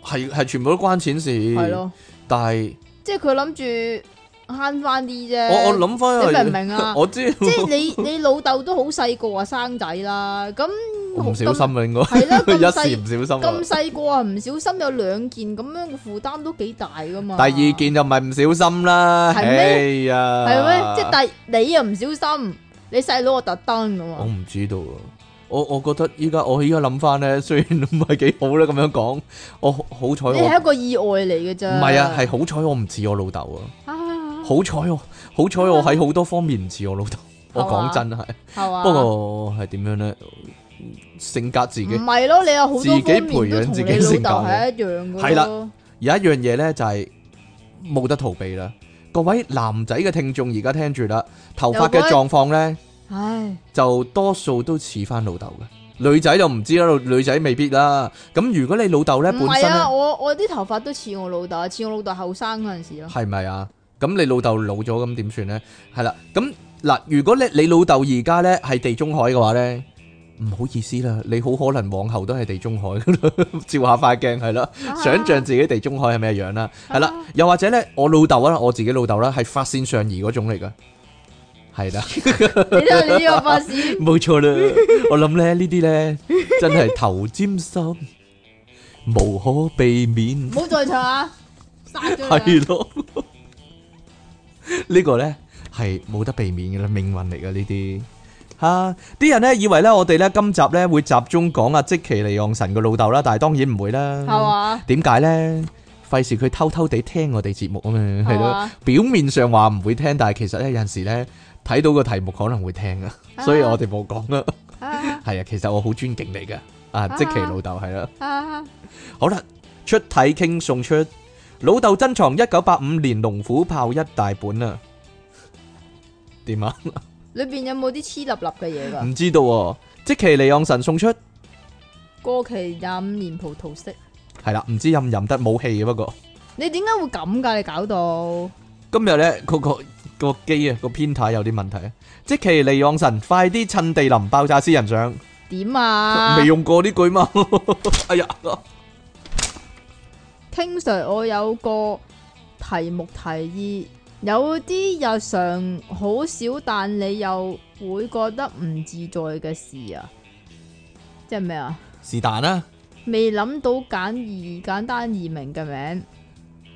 係係全部都關錢事，係咯的？但係是即係佢諗住。慳翻啲啫，我我諗翻，你明唔明啊？我知，即係你你老豆都好細個啊，生仔啦，咁好小心啊，麼應該係咯， 一時唔小心、啊小。咁細個啊，唔小，小心有兩件咁樣嘅負擔都幾大噶嘛。第二件就唔係唔小心啦，係咩嗎？係咩 Hey、啊？即係但係你又唔小心，你細佬又特登噶嘛我？我唔知道啊，我我覺得依家我依家諗翻咧，雖然唔係幾好咧，咁樣講，我好彩你係一個意外嚟嘅咋，唔係啊，係好彩我唔似我老豆啊。好彩我好彩我喺好多方面唔似我老豆， 我講真係，吧，不過係點樣咧？性格自己唔係咯，你有好多方面培養自己，性格。係一樣嘅。係啦，有一樣嘢咧就係冇得逃避啦。各位男仔嘅聽眾而家聽住啦，頭髮嘅狀況咧， 就多數都似翻老豆嘅。女仔就唔知啦，女仔未必啦。咁如果你老豆咧本身呢、啊，我我啲頭髮都似我老豆，似我老豆後生嗰陣時咯，係咪啊？咁你老豆老咗咁點算咧？係啦，咁嗱，如果你你老豆而家咧係地中海嘅話咧，唔好意思啦，你好可能往後都係地中海。照下塊鏡，係啦，想象自己地中海係咩樣啦。係啦，又或者咧，我老豆啊，我自己老豆啦，係髮線上移嗰種嚟噶，係啦。你都係呢個髮線？冇錯啦，我諗咧呢啲咧真係頭尖心，無可避免。唔好再唱，係咯。呢個呢，係冇得避免嘅啦，命運嚟嘅呢啲吓，啲、啊、人呢，以為呢，我哋呢，今集呢，會集中講阿積淇離岸神嘅老豆啦，但係當然唔會啦，係嘛？點解呢？費事佢偷偷地聽我哋節目啊嘛，係咯。吧表面上話唔會聽，但係其實呢，有陣時咧睇到個題目可能會聽啊，所以我哋冇講啊。係啊，其實我好尊敬你噶啊，積淇老豆係啦。啊、好啦，出體 King 送出。老豆珍藏一九八五年龍虎豹一大本啊，點啊？裏邊有冇啲黐立立嘅嘢噶？唔知道哦。積淇離岸神送出過期廿五年葡萄適，係啦，唔知飲唔飲得冇氣嘅不過。你點解會咁噶？你搞到今日咧，個個個機啊個編台有啲問題啊！積淇離岸神快啲趁地淋爆炸私人上。點啊？未用過呢句嗎？哎呀！經常我有個題目提議，有啲日常好少，但你又會覺得唔自在嘅事啊，即係咩啊？是但啊，未諗到簡易簡單易明嘅名。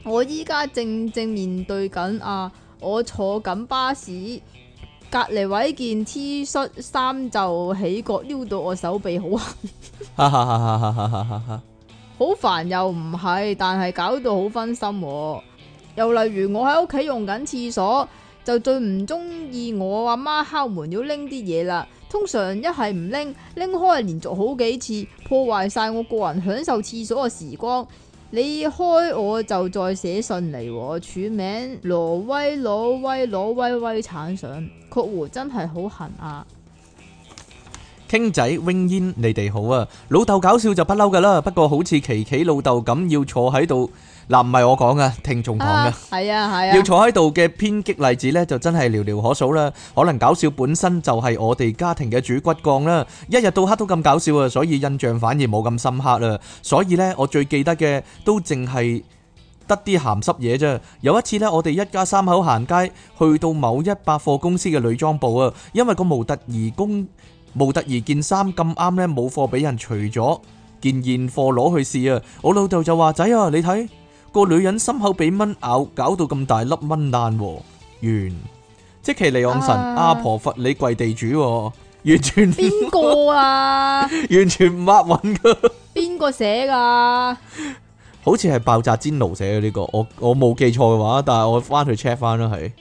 我依家正正面對緊啊，我坐緊巴士，隔籬位件 T 恤衫就起角，撩到我手臂好痕。哈哈哈哈哈哈哈哈哈。好煩，又唔係，但係搞到好分心，哦。又例如我喺屋企用緊廁所，就最唔中意我阿媽敲門要拎啲嘢啦。通常一係唔拎，拎開連續好幾次，破壞晒我個人享受廁所嘅時光。你開我就再寫信嚟，哦，署名羅威羅威羅威威威鏟上括弧，湖真係好痕啊！兄仔永煙，你哋好啊！老豆搞笑就不嬲噶啦。不過好似琪琪老豆咁，要坐喺度嗱，唔係我講噶，聽眾講噶，係啊係啊，要坐喺度嘅偏激例子咧，就真係寥寥可數啦。可能搞笑本身就係我哋家庭嘅主骨幹啦。一日到黑都咁搞笑啊，所以印象反而冇咁深刻啦。所以咧，我最記得嘅都淨係得啲鹹濕嘢啫。有一次咧，我哋一家三口行街，去到某一百貨公司嘅女裝部啊，因為個模特兒工。模特兒件衫咁啱呢，冇貨俾人除咗，件現貨攞去試啊！我老豆就話：仔啊，你睇個女人心口俾蚊咬，搞到咁大粒蚊爛，完即其嚟往神阿婆罰你跪地主，完全邊個啊？完全唔押韻噶，邊個寫噶？好似係爆炸煎爐寫嘅呢個，我我冇記錯嘅話，但係我翻去 check 翻啦。係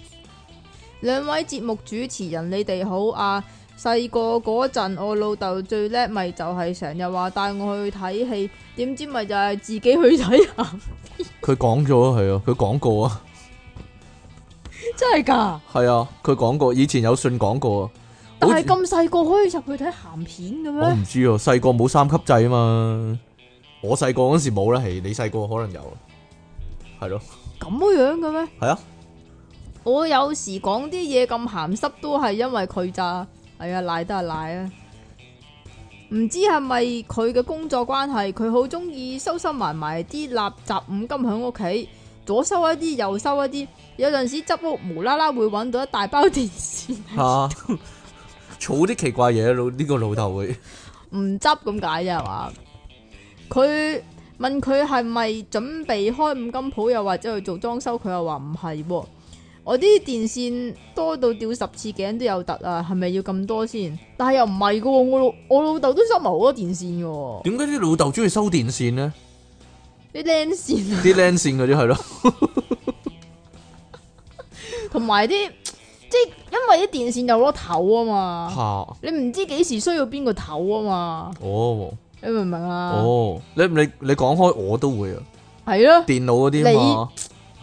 兩位節目主持人，你哋好啊！細個嗰陣，我老豆最叻咪就係成日話帶我去睇戲，點知咪就係自己去睇鹹片。佢講咗，係啊，佢講過啊，真係噶係啊，佢講過以前有信講過啊。但係咁細個可以入去睇鹹片嘅咩？我唔知啊，細個冇三級制啊嘛。我細個嗰時冇啦，係你細個可能有，係咯，咁樣嘅咩？係啊，我有時講啲嘢咁鹹濕，都係因為佢咋。係啊，賴得係賴啊，唔知係咪佢嘅工作關係，佢好中意收收埋埋啲垃圾五金響屋企，左收一啲，右收一啲，有陣時執屋無啦啦會搵到一大包電線，啊，儲啲奇怪嘢老呢個老豆會唔執咁解啫係嘛？佢 問佢係咪準備開五金鋪，又或者去做裝修，佢又話唔係喎。我啲電線多到吊十次頸都有突啊！係咪要咁多先？但係又唔係噶，我老我老豆都收埋好多電線噶。點解啲老豆中意收電線呢？啲靚線，啊，啲靚線嗰啲係咯，同埋啲即係因為啲電線有咗頭啊嘛，啊你唔知幾時需要邊個頭啊嘛？哦，哦，你明唔明啊？哦，你你你講開我都會啊，係咯了，電腦嗰啲嘛。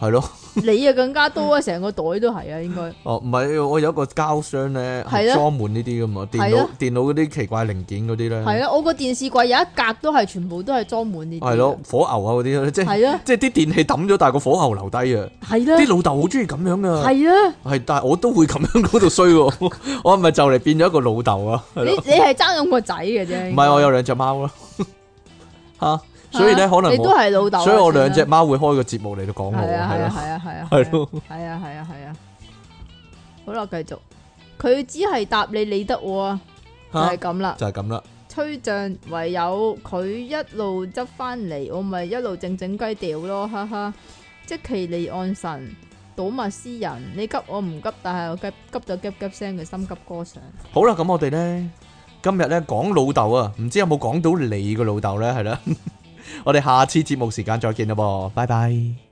係咯，你啊更加多啊，成、嗯、個袋都係啊，應該。哦、啊，唔係，我有一個膠箱咧，係裝滿呢啲噶嘛，電腦、電腦嗰啲奇怪零件嗰啲咧。係啦，我個電視櫃有一格都係全部都係裝滿呢啲。係咯，火牛啊嗰啲，即係，即係啲電器抌咗，但係個火牛留低啊。係啦的，啲老豆好中意咁樣啊。係啦的。係，但係我都會咁樣嗰度衰喎，我係咪就嚟變咗一個老豆啊？你你係爭咁個仔嘅啫，唔係我有兩隻貓啦，吓。所以咧，可能你都係老豆啊！所以，我兩隻貓會開個節目嚟到講我係咯，係啊，係啊，係咯，係啊，係啊，係啊！好啦，繼續，佢只係答你理得我啊，就係咁啦，就係咁啦。吹脹，唯有佢一路執翻嚟，我咪一路靜靜雞掉咯，哈哈！積淇離岸神，倒物斯人，你急我唔急，但係我急急就急急聲嘅心急歌上。好啦，咁我哋咧今日咧講老豆啊，唔知有冇講到你個老豆咧？係啦。我哋下次節目時間再見啦噃，拜拜。